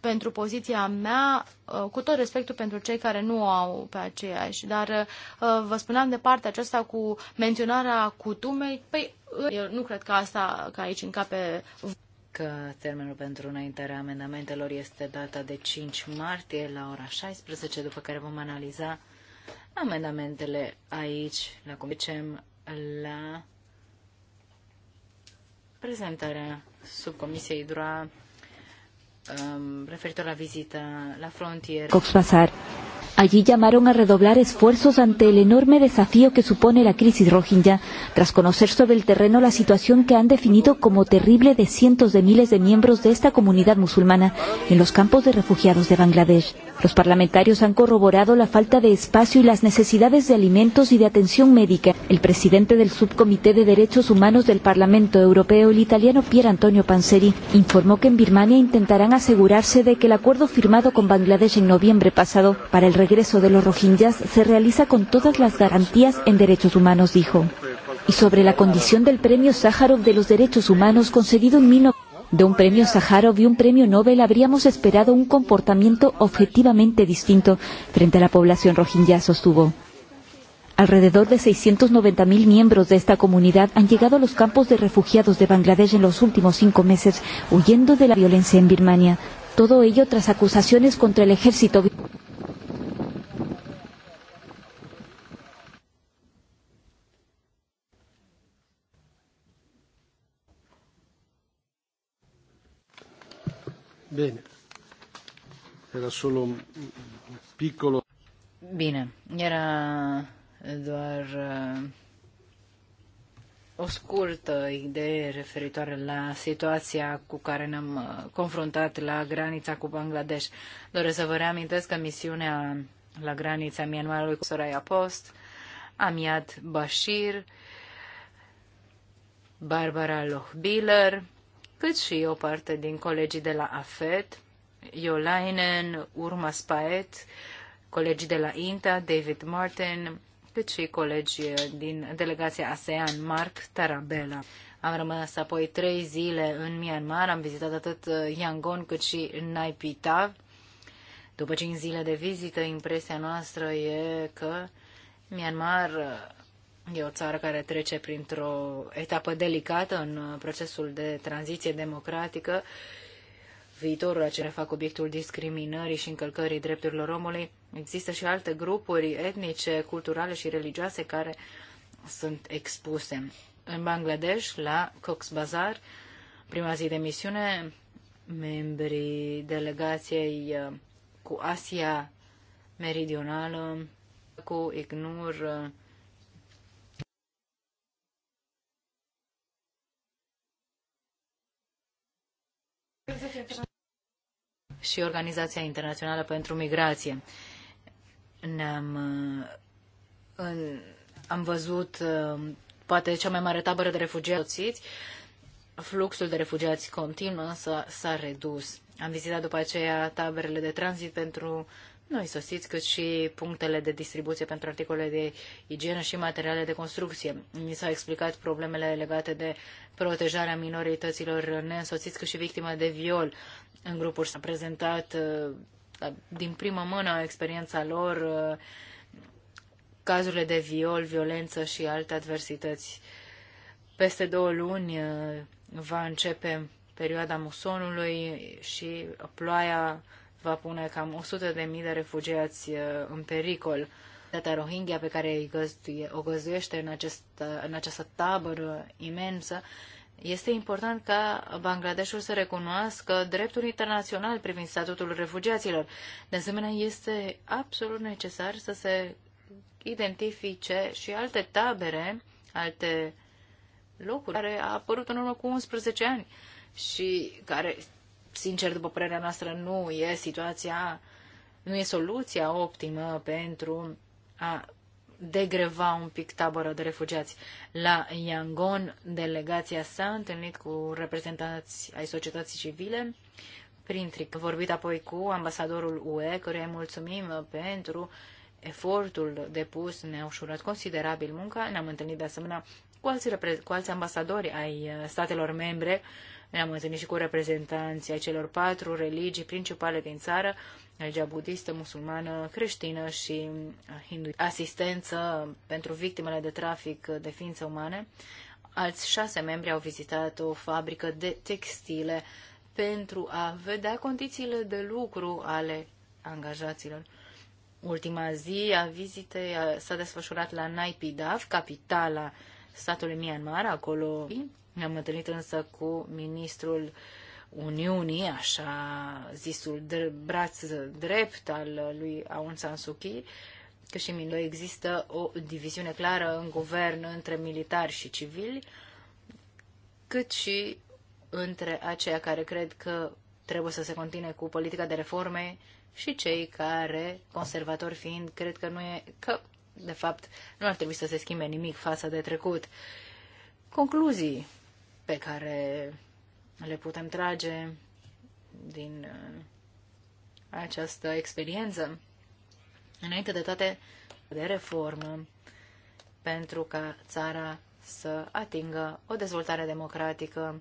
Pentru poziția mea, uh, cu tot respectul pentru cei care nu au pe aceeași, dar uh, vă spuneam de partea aceasta cu menționarea cutumei, păi eu nu cred că asta, că aici încape că termenul pentru înaintarea amendamentelor este data de 5 martie la ora 16, după care vom analiza amendamentele aici, la cum zicem, la prezentarea subcomisiei DROA um, referitor la vizita la frontieră. Coxpasar. Allí llamaron a redoblar esfuerzos ante el enorme desafío que supone la crisis rohingya, tras conocer sobre el terreno la situación que han definido como terrible de cientos de miles de miembros de esta comunidad musulmana en los campos de refugiados de Bangladesh. Los parlamentarios han corroborado la falta de espacio y las necesidades de alimentos y de atención médica. El presidente del Subcomité de Derechos Humanos del Parlamento Europeo, el italiano Pier Antonio Panzeri, informó que en Birmania intentarán asegurarse de que el acuerdo firmado con Bangladesh en noviembre pasado para el regreso de los rohingyas se realiza con todas las garantías en derechos humanos, dijo. Y sobre la condición del premio Sájarov de los derechos humanos concedido en 1990 de un premio Sájarov y un premio Nobel habríamos esperado un comportamiento objetivamente distinto frente a la población rohingya, sostuvo. Alrededor de 690.000 miembros de esta comunidad han llegado a los campos de refugiados de Bangladesh en los últimos cinco meses, huyendo de la violencia en Birmania. Todo ello tras acusaciones contra el ejército. Bine. Era solo un piccolo... Bine, era doar uh, o scurtă idee referitoare la situația cu care ne-am uh, confruntat la granița cu Bangladesh. Doresc să vă reamintesc că misiunea la granița Myanmarului cu Soraya Post, Amiad Bashir, Barbara Lohbiller, cât și o parte din colegii de la AFET, Iolainen, Urma Spaet, colegii de la INTA, David Martin, cât și colegii din delegația ASEAN, Mark Tarabella. Am rămas apoi trei zile în Myanmar, am vizitat atât Yangon cât și Naypyidaw. După cinci zile de vizită, impresia noastră e că Myanmar E o țară care trece printr-o etapă delicată în procesul de tranziție democratică. Viitorul acela fac obiectul discriminării și încălcării drepturilor omului. Există și alte grupuri etnice, culturale și religioase care sunt expuse. În Bangladesh, la Cox Bazar, prima zi de misiune, membrii delegației uh, cu Asia Meridională, cu IGNUR, uh, și Organizația Internațională pentru Migrație. Ne-am uh, în, am văzut uh, poate cea mai mare tabără de refugiați. Fluxul de refugiați continuă, însă s-a redus. Am vizitat după aceea taberele de tranzit pentru noi sosiți cât și punctele de distribuție pentru articole de igienă și materiale de construcție. Mi s-au explicat problemele legate de protejarea minorităților neînsoțiți cât și victima de viol în grupuri. S-a prezentat uh, din primă mână experiența lor uh, cazurile de viol, violență și alte adversități. Peste două luni uh, va începe perioada musonului și ploaia va pune cam 100.000 de, de refugiați uh, în pericol. Data Rohingya pe care găzduie, o găzduiește în, acest, uh, în această tabără imensă, este important ca Bangladeshul să recunoască dreptul internațional privind statutul refugiaților. De asemenea, este absolut necesar să se identifice și alte tabere, alte locuri care a apărut în urmă cu 11 ani și care sincer, după părerea noastră, nu e situația, nu e soluția optimă pentru a degreva un pic tabără de refugiați. La Yangon, delegația s-a întâlnit cu reprezentanți ai societății civile, printre că vorbit apoi cu ambasadorul UE, căruia îi mulțumim pentru efortul depus, ne-a ușurat considerabil munca. Ne-am întâlnit de asemenea cu alți, cu alți ambasadori ai uh, statelor membre ne-am întâlnit și cu reprezentanții celor patru religii principale din țară, religia budistă, musulmană, creștină și uh, hindu. Asistență pentru victimele de trafic de ființe umane. Alți șase membri au vizitat o fabrică de textile pentru a vedea condițiile de lucru ale angajaților. Ultima zi a vizitei s-a desfășurat la Naipidav, capitala statului Myanmar, acolo ne-am întâlnit însă cu ministrul Uniunii, așa zisul de braț drept al lui Aung San Suu Kyi, că și Milo există o diviziune clară în guvern între militari și civili, cât și între aceia care cred că trebuie să se continue cu politica de reforme și cei care, conservatori fiind, cred că nu e, că, de fapt, nu ar trebui să se schimbe nimic față de trecut. Concluzii pe care le putem trage din uh, această experiență. Înainte de toate, de reformă pentru ca țara să atingă o dezvoltare democratică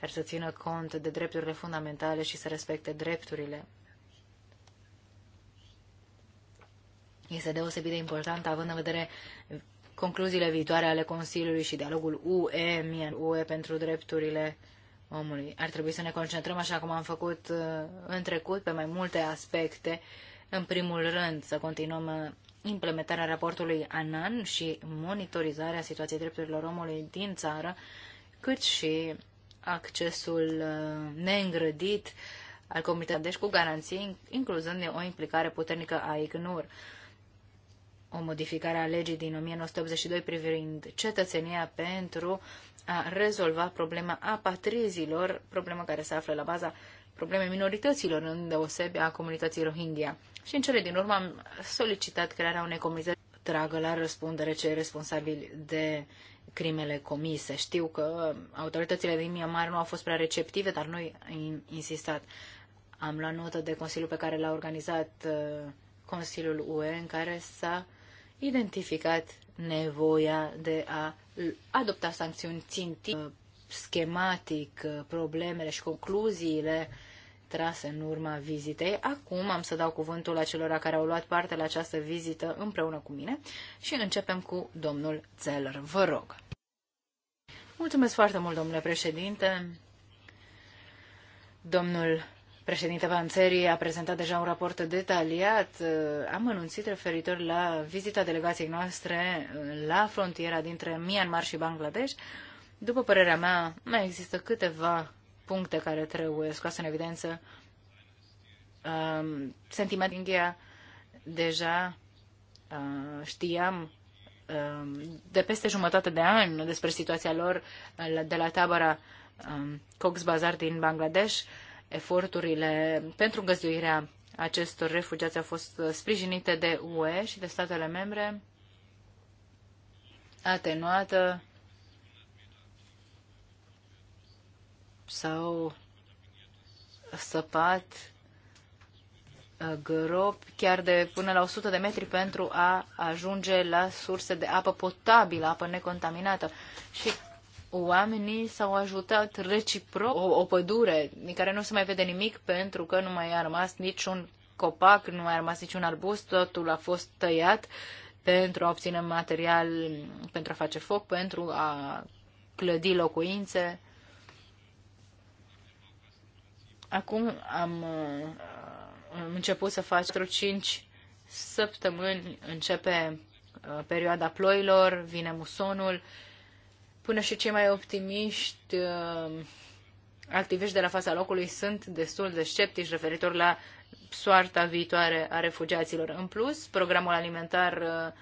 care să țină cont de drepturile fundamentale și să respecte drepturile. Este deosebit de important având în vedere concluziile viitoare ale Consiliului și dialogul UE, UE pentru drepturile omului. Ar trebui să ne concentrăm, așa cum am făcut uh, în trecut, pe mai multe aspecte. În primul rând, să continuăm uh, implementarea raportului ANAN și monitorizarea situației drepturilor omului din țară, cât și accesul uh, neîngrădit al comunității, deci cu garanții, incluzând o implicare puternică a ICNUR o modificare a legii din 1982 privind cetățenia pentru a rezolva problema apatrizilor, problema care se află la baza problemei minorităților, în deosebe a comunității Rohingya. Și în cele din urmă am solicitat crearea unei comunități tragă la răspundere cei responsabili de crimele comise. Știu că autoritățile din Myanmar nu au fost prea receptive, dar noi am insistat. Am luat notă de consiliul pe care l-a organizat uh, Consiliul UE, în care s-a identificat nevoia de a adopta sancțiuni țintit schematic problemele și concluziile trase în urma vizitei. Acum am să dau cuvântul acelora care au luat parte la această vizită împreună cu mine și începem cu domnul Zeller. Vă rog. Mulțumesc foarte mult, domnule președinte. Domnul Președinte Panțeri a prezentat deja un raport detaliat, uh, am anunțit referitor la vizita delegației noastre uh, la frontiera dintre Myanmar și Bangladesh. După părerea mea, mai există câteva puncte care trebuie scoase în evidență. Um, sentiment India deja uh, știam um, de peste jumătate de an despre situația lor de la tabăra um, Cox Bazar din Bangladesh Eforturile pentru găzduirea acestor refugiați au fost sprijinite de UE și de statele membre, atenuată sau săpat uh, gropi chiar de până la 100 de metri pentru a ajunge la surse de apă potabilă, apă necontaminată. Și oamenii s-au ajutat reciproc o, o pădure din care nu se mai vede nimic pentru că nu mai a rămas niciun copac, nu mai a rămas niciun arbust, totul a fost tăiat pentru a obține material pentru a face foc, pentru a clădi locuințe. Acum am, uh, am început să fac 4-5 săptămâni, începe uh, perioada ploilor, vine musonul, Până și cei mai optimiști uh, activiști de la fața locului sunt destul de sceptici referitor la soarta viitoare a refugiaților. În plus, programul alimentar uh,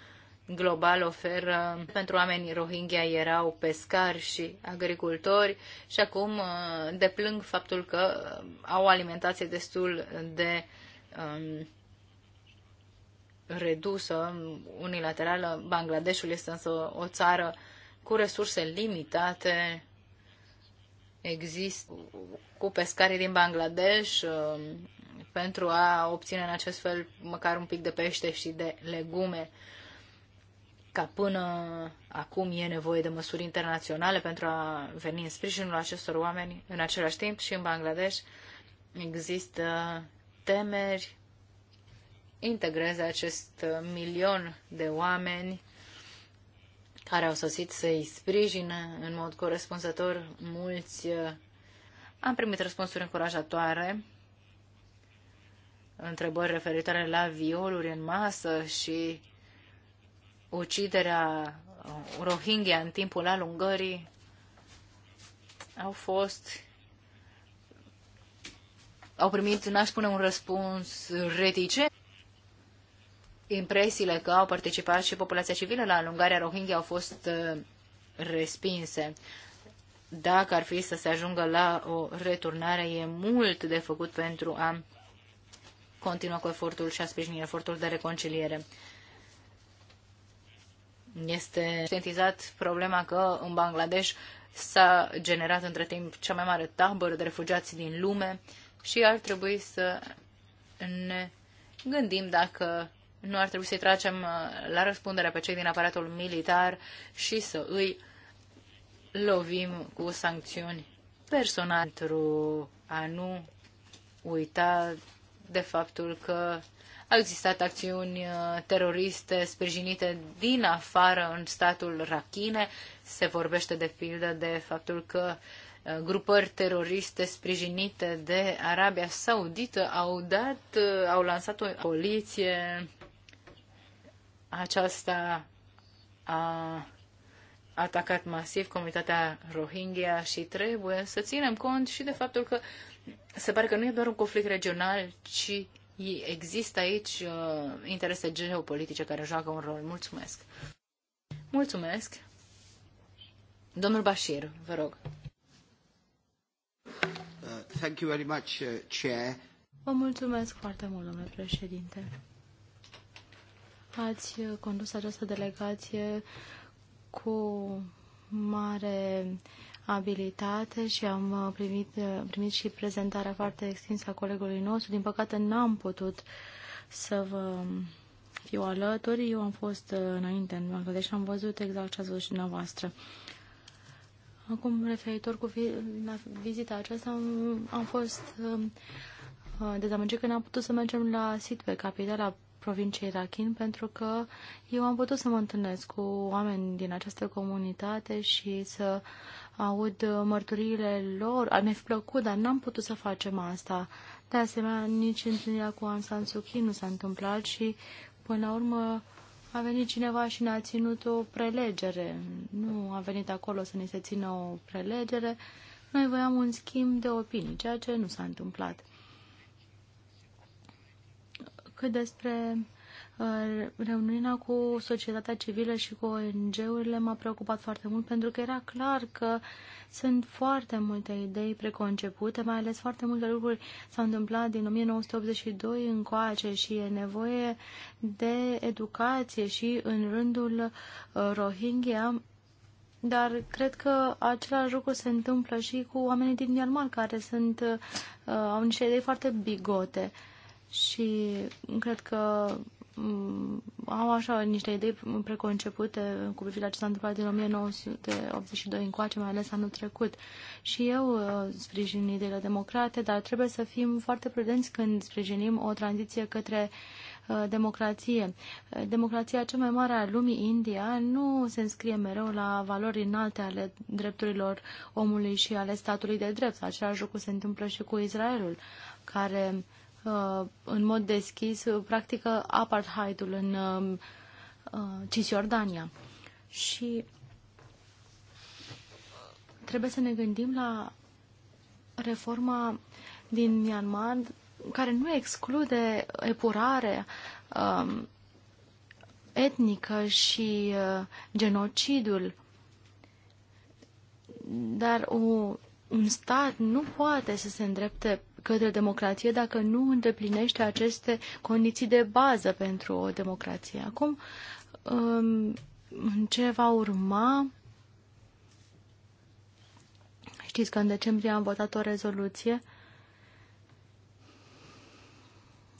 global oferă pentru oamenii Rohingya erau pescari și agricultori și acum uh, deplâng faptul că au o alimentație destul de um, redusă, unilaterală. Bangladeshul este însă o țară cu resurse limitate. Există cu pescarii din Bangladesh uh, pentru a obține în acest fel măcar un pic de pește și de legume ca până acum e nevoie de măsuri internaționale pentru a veni în sprijinul acestor oameni. În același timp și în Bangladesh există temeri integreze acest milion de oameni care au sosit să-i sprijine în mod corespunzător. Mulți uh, am primit răspunsuri încurajatoare, întrebări referitoare la violuri în masă și uciderea uh, Rohingya în timpul alungării au fost au primit, n-aș spune un răspuns reticent, impresiile că au participat și populația civilă la alungarea Rohingya au fost uh, respinse. Dacă ar fi să se ajungă la o returnare, e mult de făcut pentru a continua cu efortul și a sprijini efortul de reconciliere. Este sentizat problema că în Bangladesh s-a generat între timp cea mai mare tabără de refugiați din lume și ar trebui să ne gândim dacă nu ar trebui să-i tragem uh, la răspundere pe cei din aparatul militar și să îi lovim cu sancțiuni personale pentru a nu uita de faptul că au existat acțiuni uh, teroriste sprijinite din afară în statul Rachine. Se vorbește de pildă de faptul că uh, grupări teroriste sprijinite de Arabia Saudită au dat, au lansat o poliție aceasta a atacat masiv comunitatea Rohingya și trebuie să ținem cont și de faptul că se pare că nu e doar un conflict regional, ci există aici uh, interese geopolitice care joacă un rol. Mulțumesc! Mulțumesc! Domnul Bashir, vă rog. Uh, thank you very much, uh, Chair. Vă mulțumesc foarte mult, domnule președinte ați uh, condus această delegație cu mare abilitate și am uh, primit, uh, primit și prezentarea foarte extinsă a colegului nostru. Din păcate n-am putut să vă fiu alături. Eu am fost înainte în Bangladesh și am văzut exact ce ați văzut și dumneavoastră. Acum, referitor cu vi la vizita aceasta, am, am fost uh, dezamăgit că n-am putut să mergem la Sitwe, capitala provinciei Rakhine pentru că eu am putut să mă întâlnesc cu oameni din această comunitate și să aud mărturiile lor. Mi-a plăcut, dar n-am putut să facem asta. De asemenea, nici întâlnirea cu Aung San Suu Kyi nu s-a întâmplat și până la urmă a venit cineva și ne-a ținut o prelegere. Nu a venit acolo să ne se țină o prelegere. Noi voiam un schimb de opinii, ceea ce nu s-a întâmplat cât despre uh, reuniunea cu societatea civilă și cu ONG-urile m-a preocupat foarte mult pentru că era clar că sunt foarte multe idei preconcepute, mai ales foarte multe lucruri s-au întâmplat din 1982 încoace și e nevoie de educație și în rândul uh, Rohingya dar cred că același lucru se întâmplă și cu oamenii din Myanmar, care sunt, uh, au niște idei foarte bigote. Uh, și cred că mm, au așa niște idei preconcepute cu privire la ce s-a întâmplat din 1982 încoace, mai ales anul trecut. Și eu uh, sprijin ideile democrate, dar trebuie să fim foarte prudenți când sprijinim o tranziție către uh, democrație. Uh, democrația cea mai mare a lumii, India, nu se înscrie mereu la valori înalte ale drepturilor omului și ale statului de drept. Același lucru se întâmplă și cu Israelul, care Uh, în mod deschis uh, practică apartheidul în um, uh, Cisjordania. Și trebuie să ne gândim la reforma din Myanmar care nu exclude epurare um, etnică și genocidul. Dar o, un stat nu poate să se îndrepte către democrație dacă nu îndeplinește aceste condiții de bază pentru o democrație. Acum, um, ce va urma? Știți că în decembrie am votat o rezoluție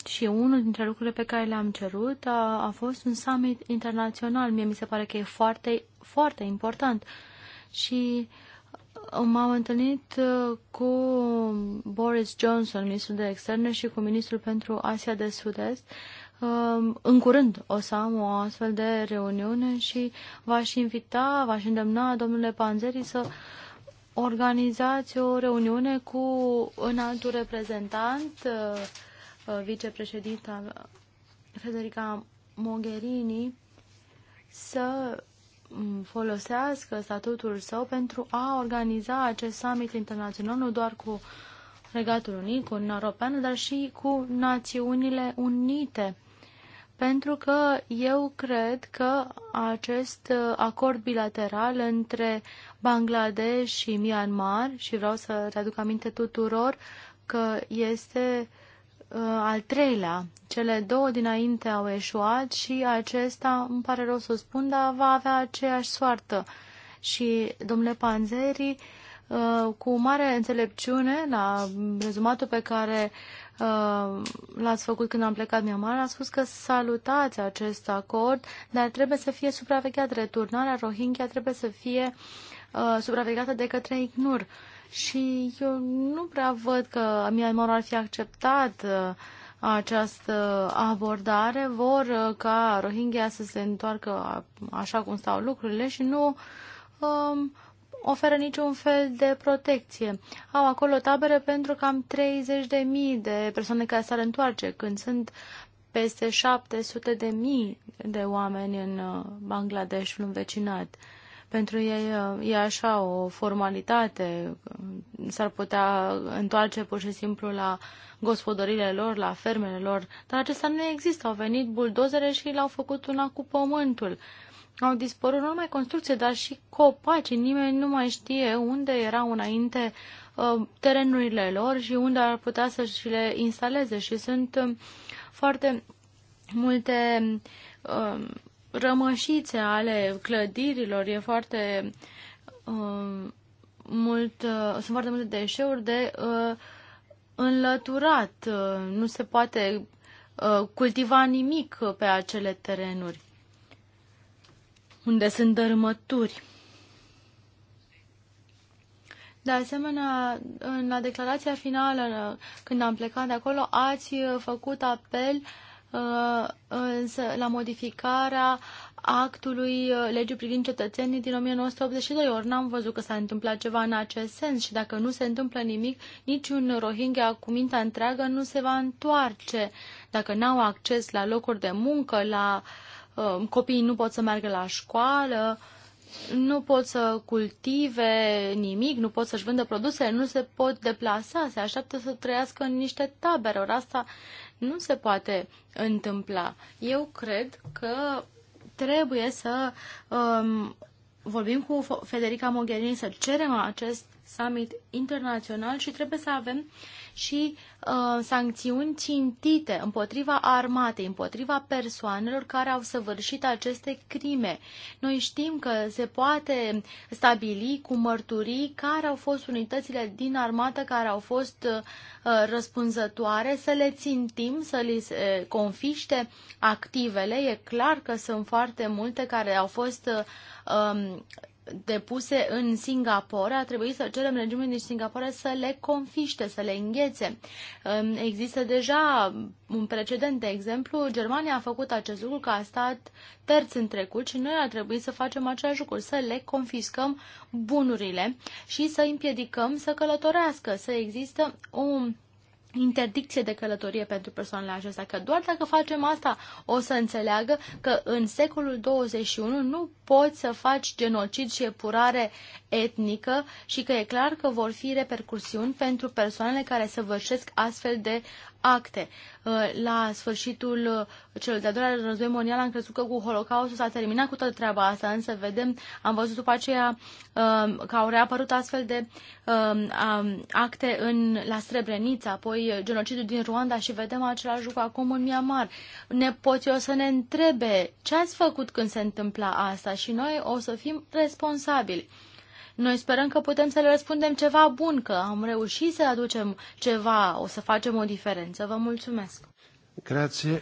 și unul dintre lucrurile pe care le-am cerut a, a fost un summit internațional. Mie mi se pare că e foarte, foarte important. Și uh, M-am întâlnit uh, cu Boris Johnson, ministrul de externe, și cu ministrul pentru Asia de Sud-Est. Um, în curând o să am o astfel de reuniune și v-aș invita, v-aș îndemna, domnule Panzeri, să organizați o reuniune cu un alt reprezentant, uh, uh, vicepreședinta Federica Mogherini, să folosească statutul său pentru a organiza acest summit internațional nu doar cu Regatul Unit, cu Uniunea Europeană, dar și cu Națiunile Unite. Pentru că eu cred că acest uh, acord bilateral între Bangladesh și Myanmar, și vreau să readuc aminte tuturor că este uh, Uh, al treilea. Cele două dinainte au eșuat și acesta, îmi pare rău să o spun, dar va avea aceeași soartă. Și domnule Panzeri, uh, cu mare înțelepciune, la rezumatul pe care uh, l-ați făcut când am plecat Myanmar, a spus că salutați acest acord, dar trebuie să fie supravegheat returnarea Rohingya, trebuie să fie supravegheată de către ICNUR. Uh, și eu nu prea văd că Myanmar ar fi acceptat uh, această abordare. Vor uh, ca Rohingya să se întoarcă așa cum stau lucrurile și nu um, oferă niciun fel de protecție. Au acolo tabere pentru cam 30.000 de persoane care s-ar întoarce, când sunt peste 700.000 de mii de oameni în uh, Bangladesh, în vecinat pentru ei e așa o formalitate, s-ar putea întoarce pur și simplu la gospodările lor, la fermele lor, dar acesta nu există. Au venit buldozere și l-au făcut una cu pământul. Au dispărut nu numai construcție, dar și copaci. Nimeni nu mai știe unde erau înainte ă, terenurile lor și unde ar putea să și le instaleze. Și sunt ă, foarte multe ă, rămășițe ale clădirilor, e foarte uh, mult, uh, sunt foarte multe deșeuri de uh, înlăturat, uh, nu se poate uh, cultiva nimic pe acele terenuri unde sunt dărâmături. De asemenea, în la declarația finală, când am plecat de acolo, ați făcut apel uh, Uh, însă la modificarea actului uh, legii privind cetățenii din 1982. Ori n-am văzut că s-a întâmplat ceva în acest sens și dacă nu se întâmplă nimic, niciun Rohingya cu mintea întreagă nu se va întoarce. Dacă n-au acces la locuri de muncă, la uh, copiii nu pot să meargă la școală, nu pot să cultive nimic, nu pot să-și vândă produse, nu se pot deplasa, se așteaptă să trăiască în niște tabere. Ori asta nu se poate întâmpla. Eu cred că trebuie să um, vorbim cu Federica Mogherini, să cerem acest summit internațional și trebuie să avem și uh, sancțiuni țintite împotriva armatei, împotriva persoanelor care au săvârșit aceste crime. Noi știm că se poate stabili cu mărturii care au fost unitățile din armată care au fost uh, răspunzătoare, să le țintim, să li uh, confiște activele. E clar că sunt foarte multe care au fost uh, um, depuse în Singapore, a trebuit să cerem regimului din Singapore să le confiște, să le înghețe. Există deja un precedent, de exemplu, Germania a făcut acest lucru ca a stat terț în trecut și noi ar trebui să facem același lucru, să le confiscăm bunurile și să împiedicăm să călătorească, să există un interdicție de călătorie pentru persoanele acestea, că doar dacă facem asta o să înțeleagă că în secolul 21 nu poți să faci genocid și epurare etnică și că e clar că vor fi repercursiuni pentru persoanele care săvârșesc astfel de acte. Uh, la sfârșitul uh, celor de a doilea război mondial am crezut că cu Holocaustul s-a terminat cu toată treaba asta, însă vedem, am văzut după aceea um, că au reapărut astfel de um, acte în, la Srebrenica, apoi uh, genocidul din Rwanda și vedem același lucru acum în Myanmar. Ne pot eu să ne întrebe ce ați făcut când se întâmpla asta și noi o să fim responsabili. Noi sperăm că putem să le răspundem ceva bun, că am reușit să aducem ceva, o să facem o diferență. Vă mulțumesc! Grazie.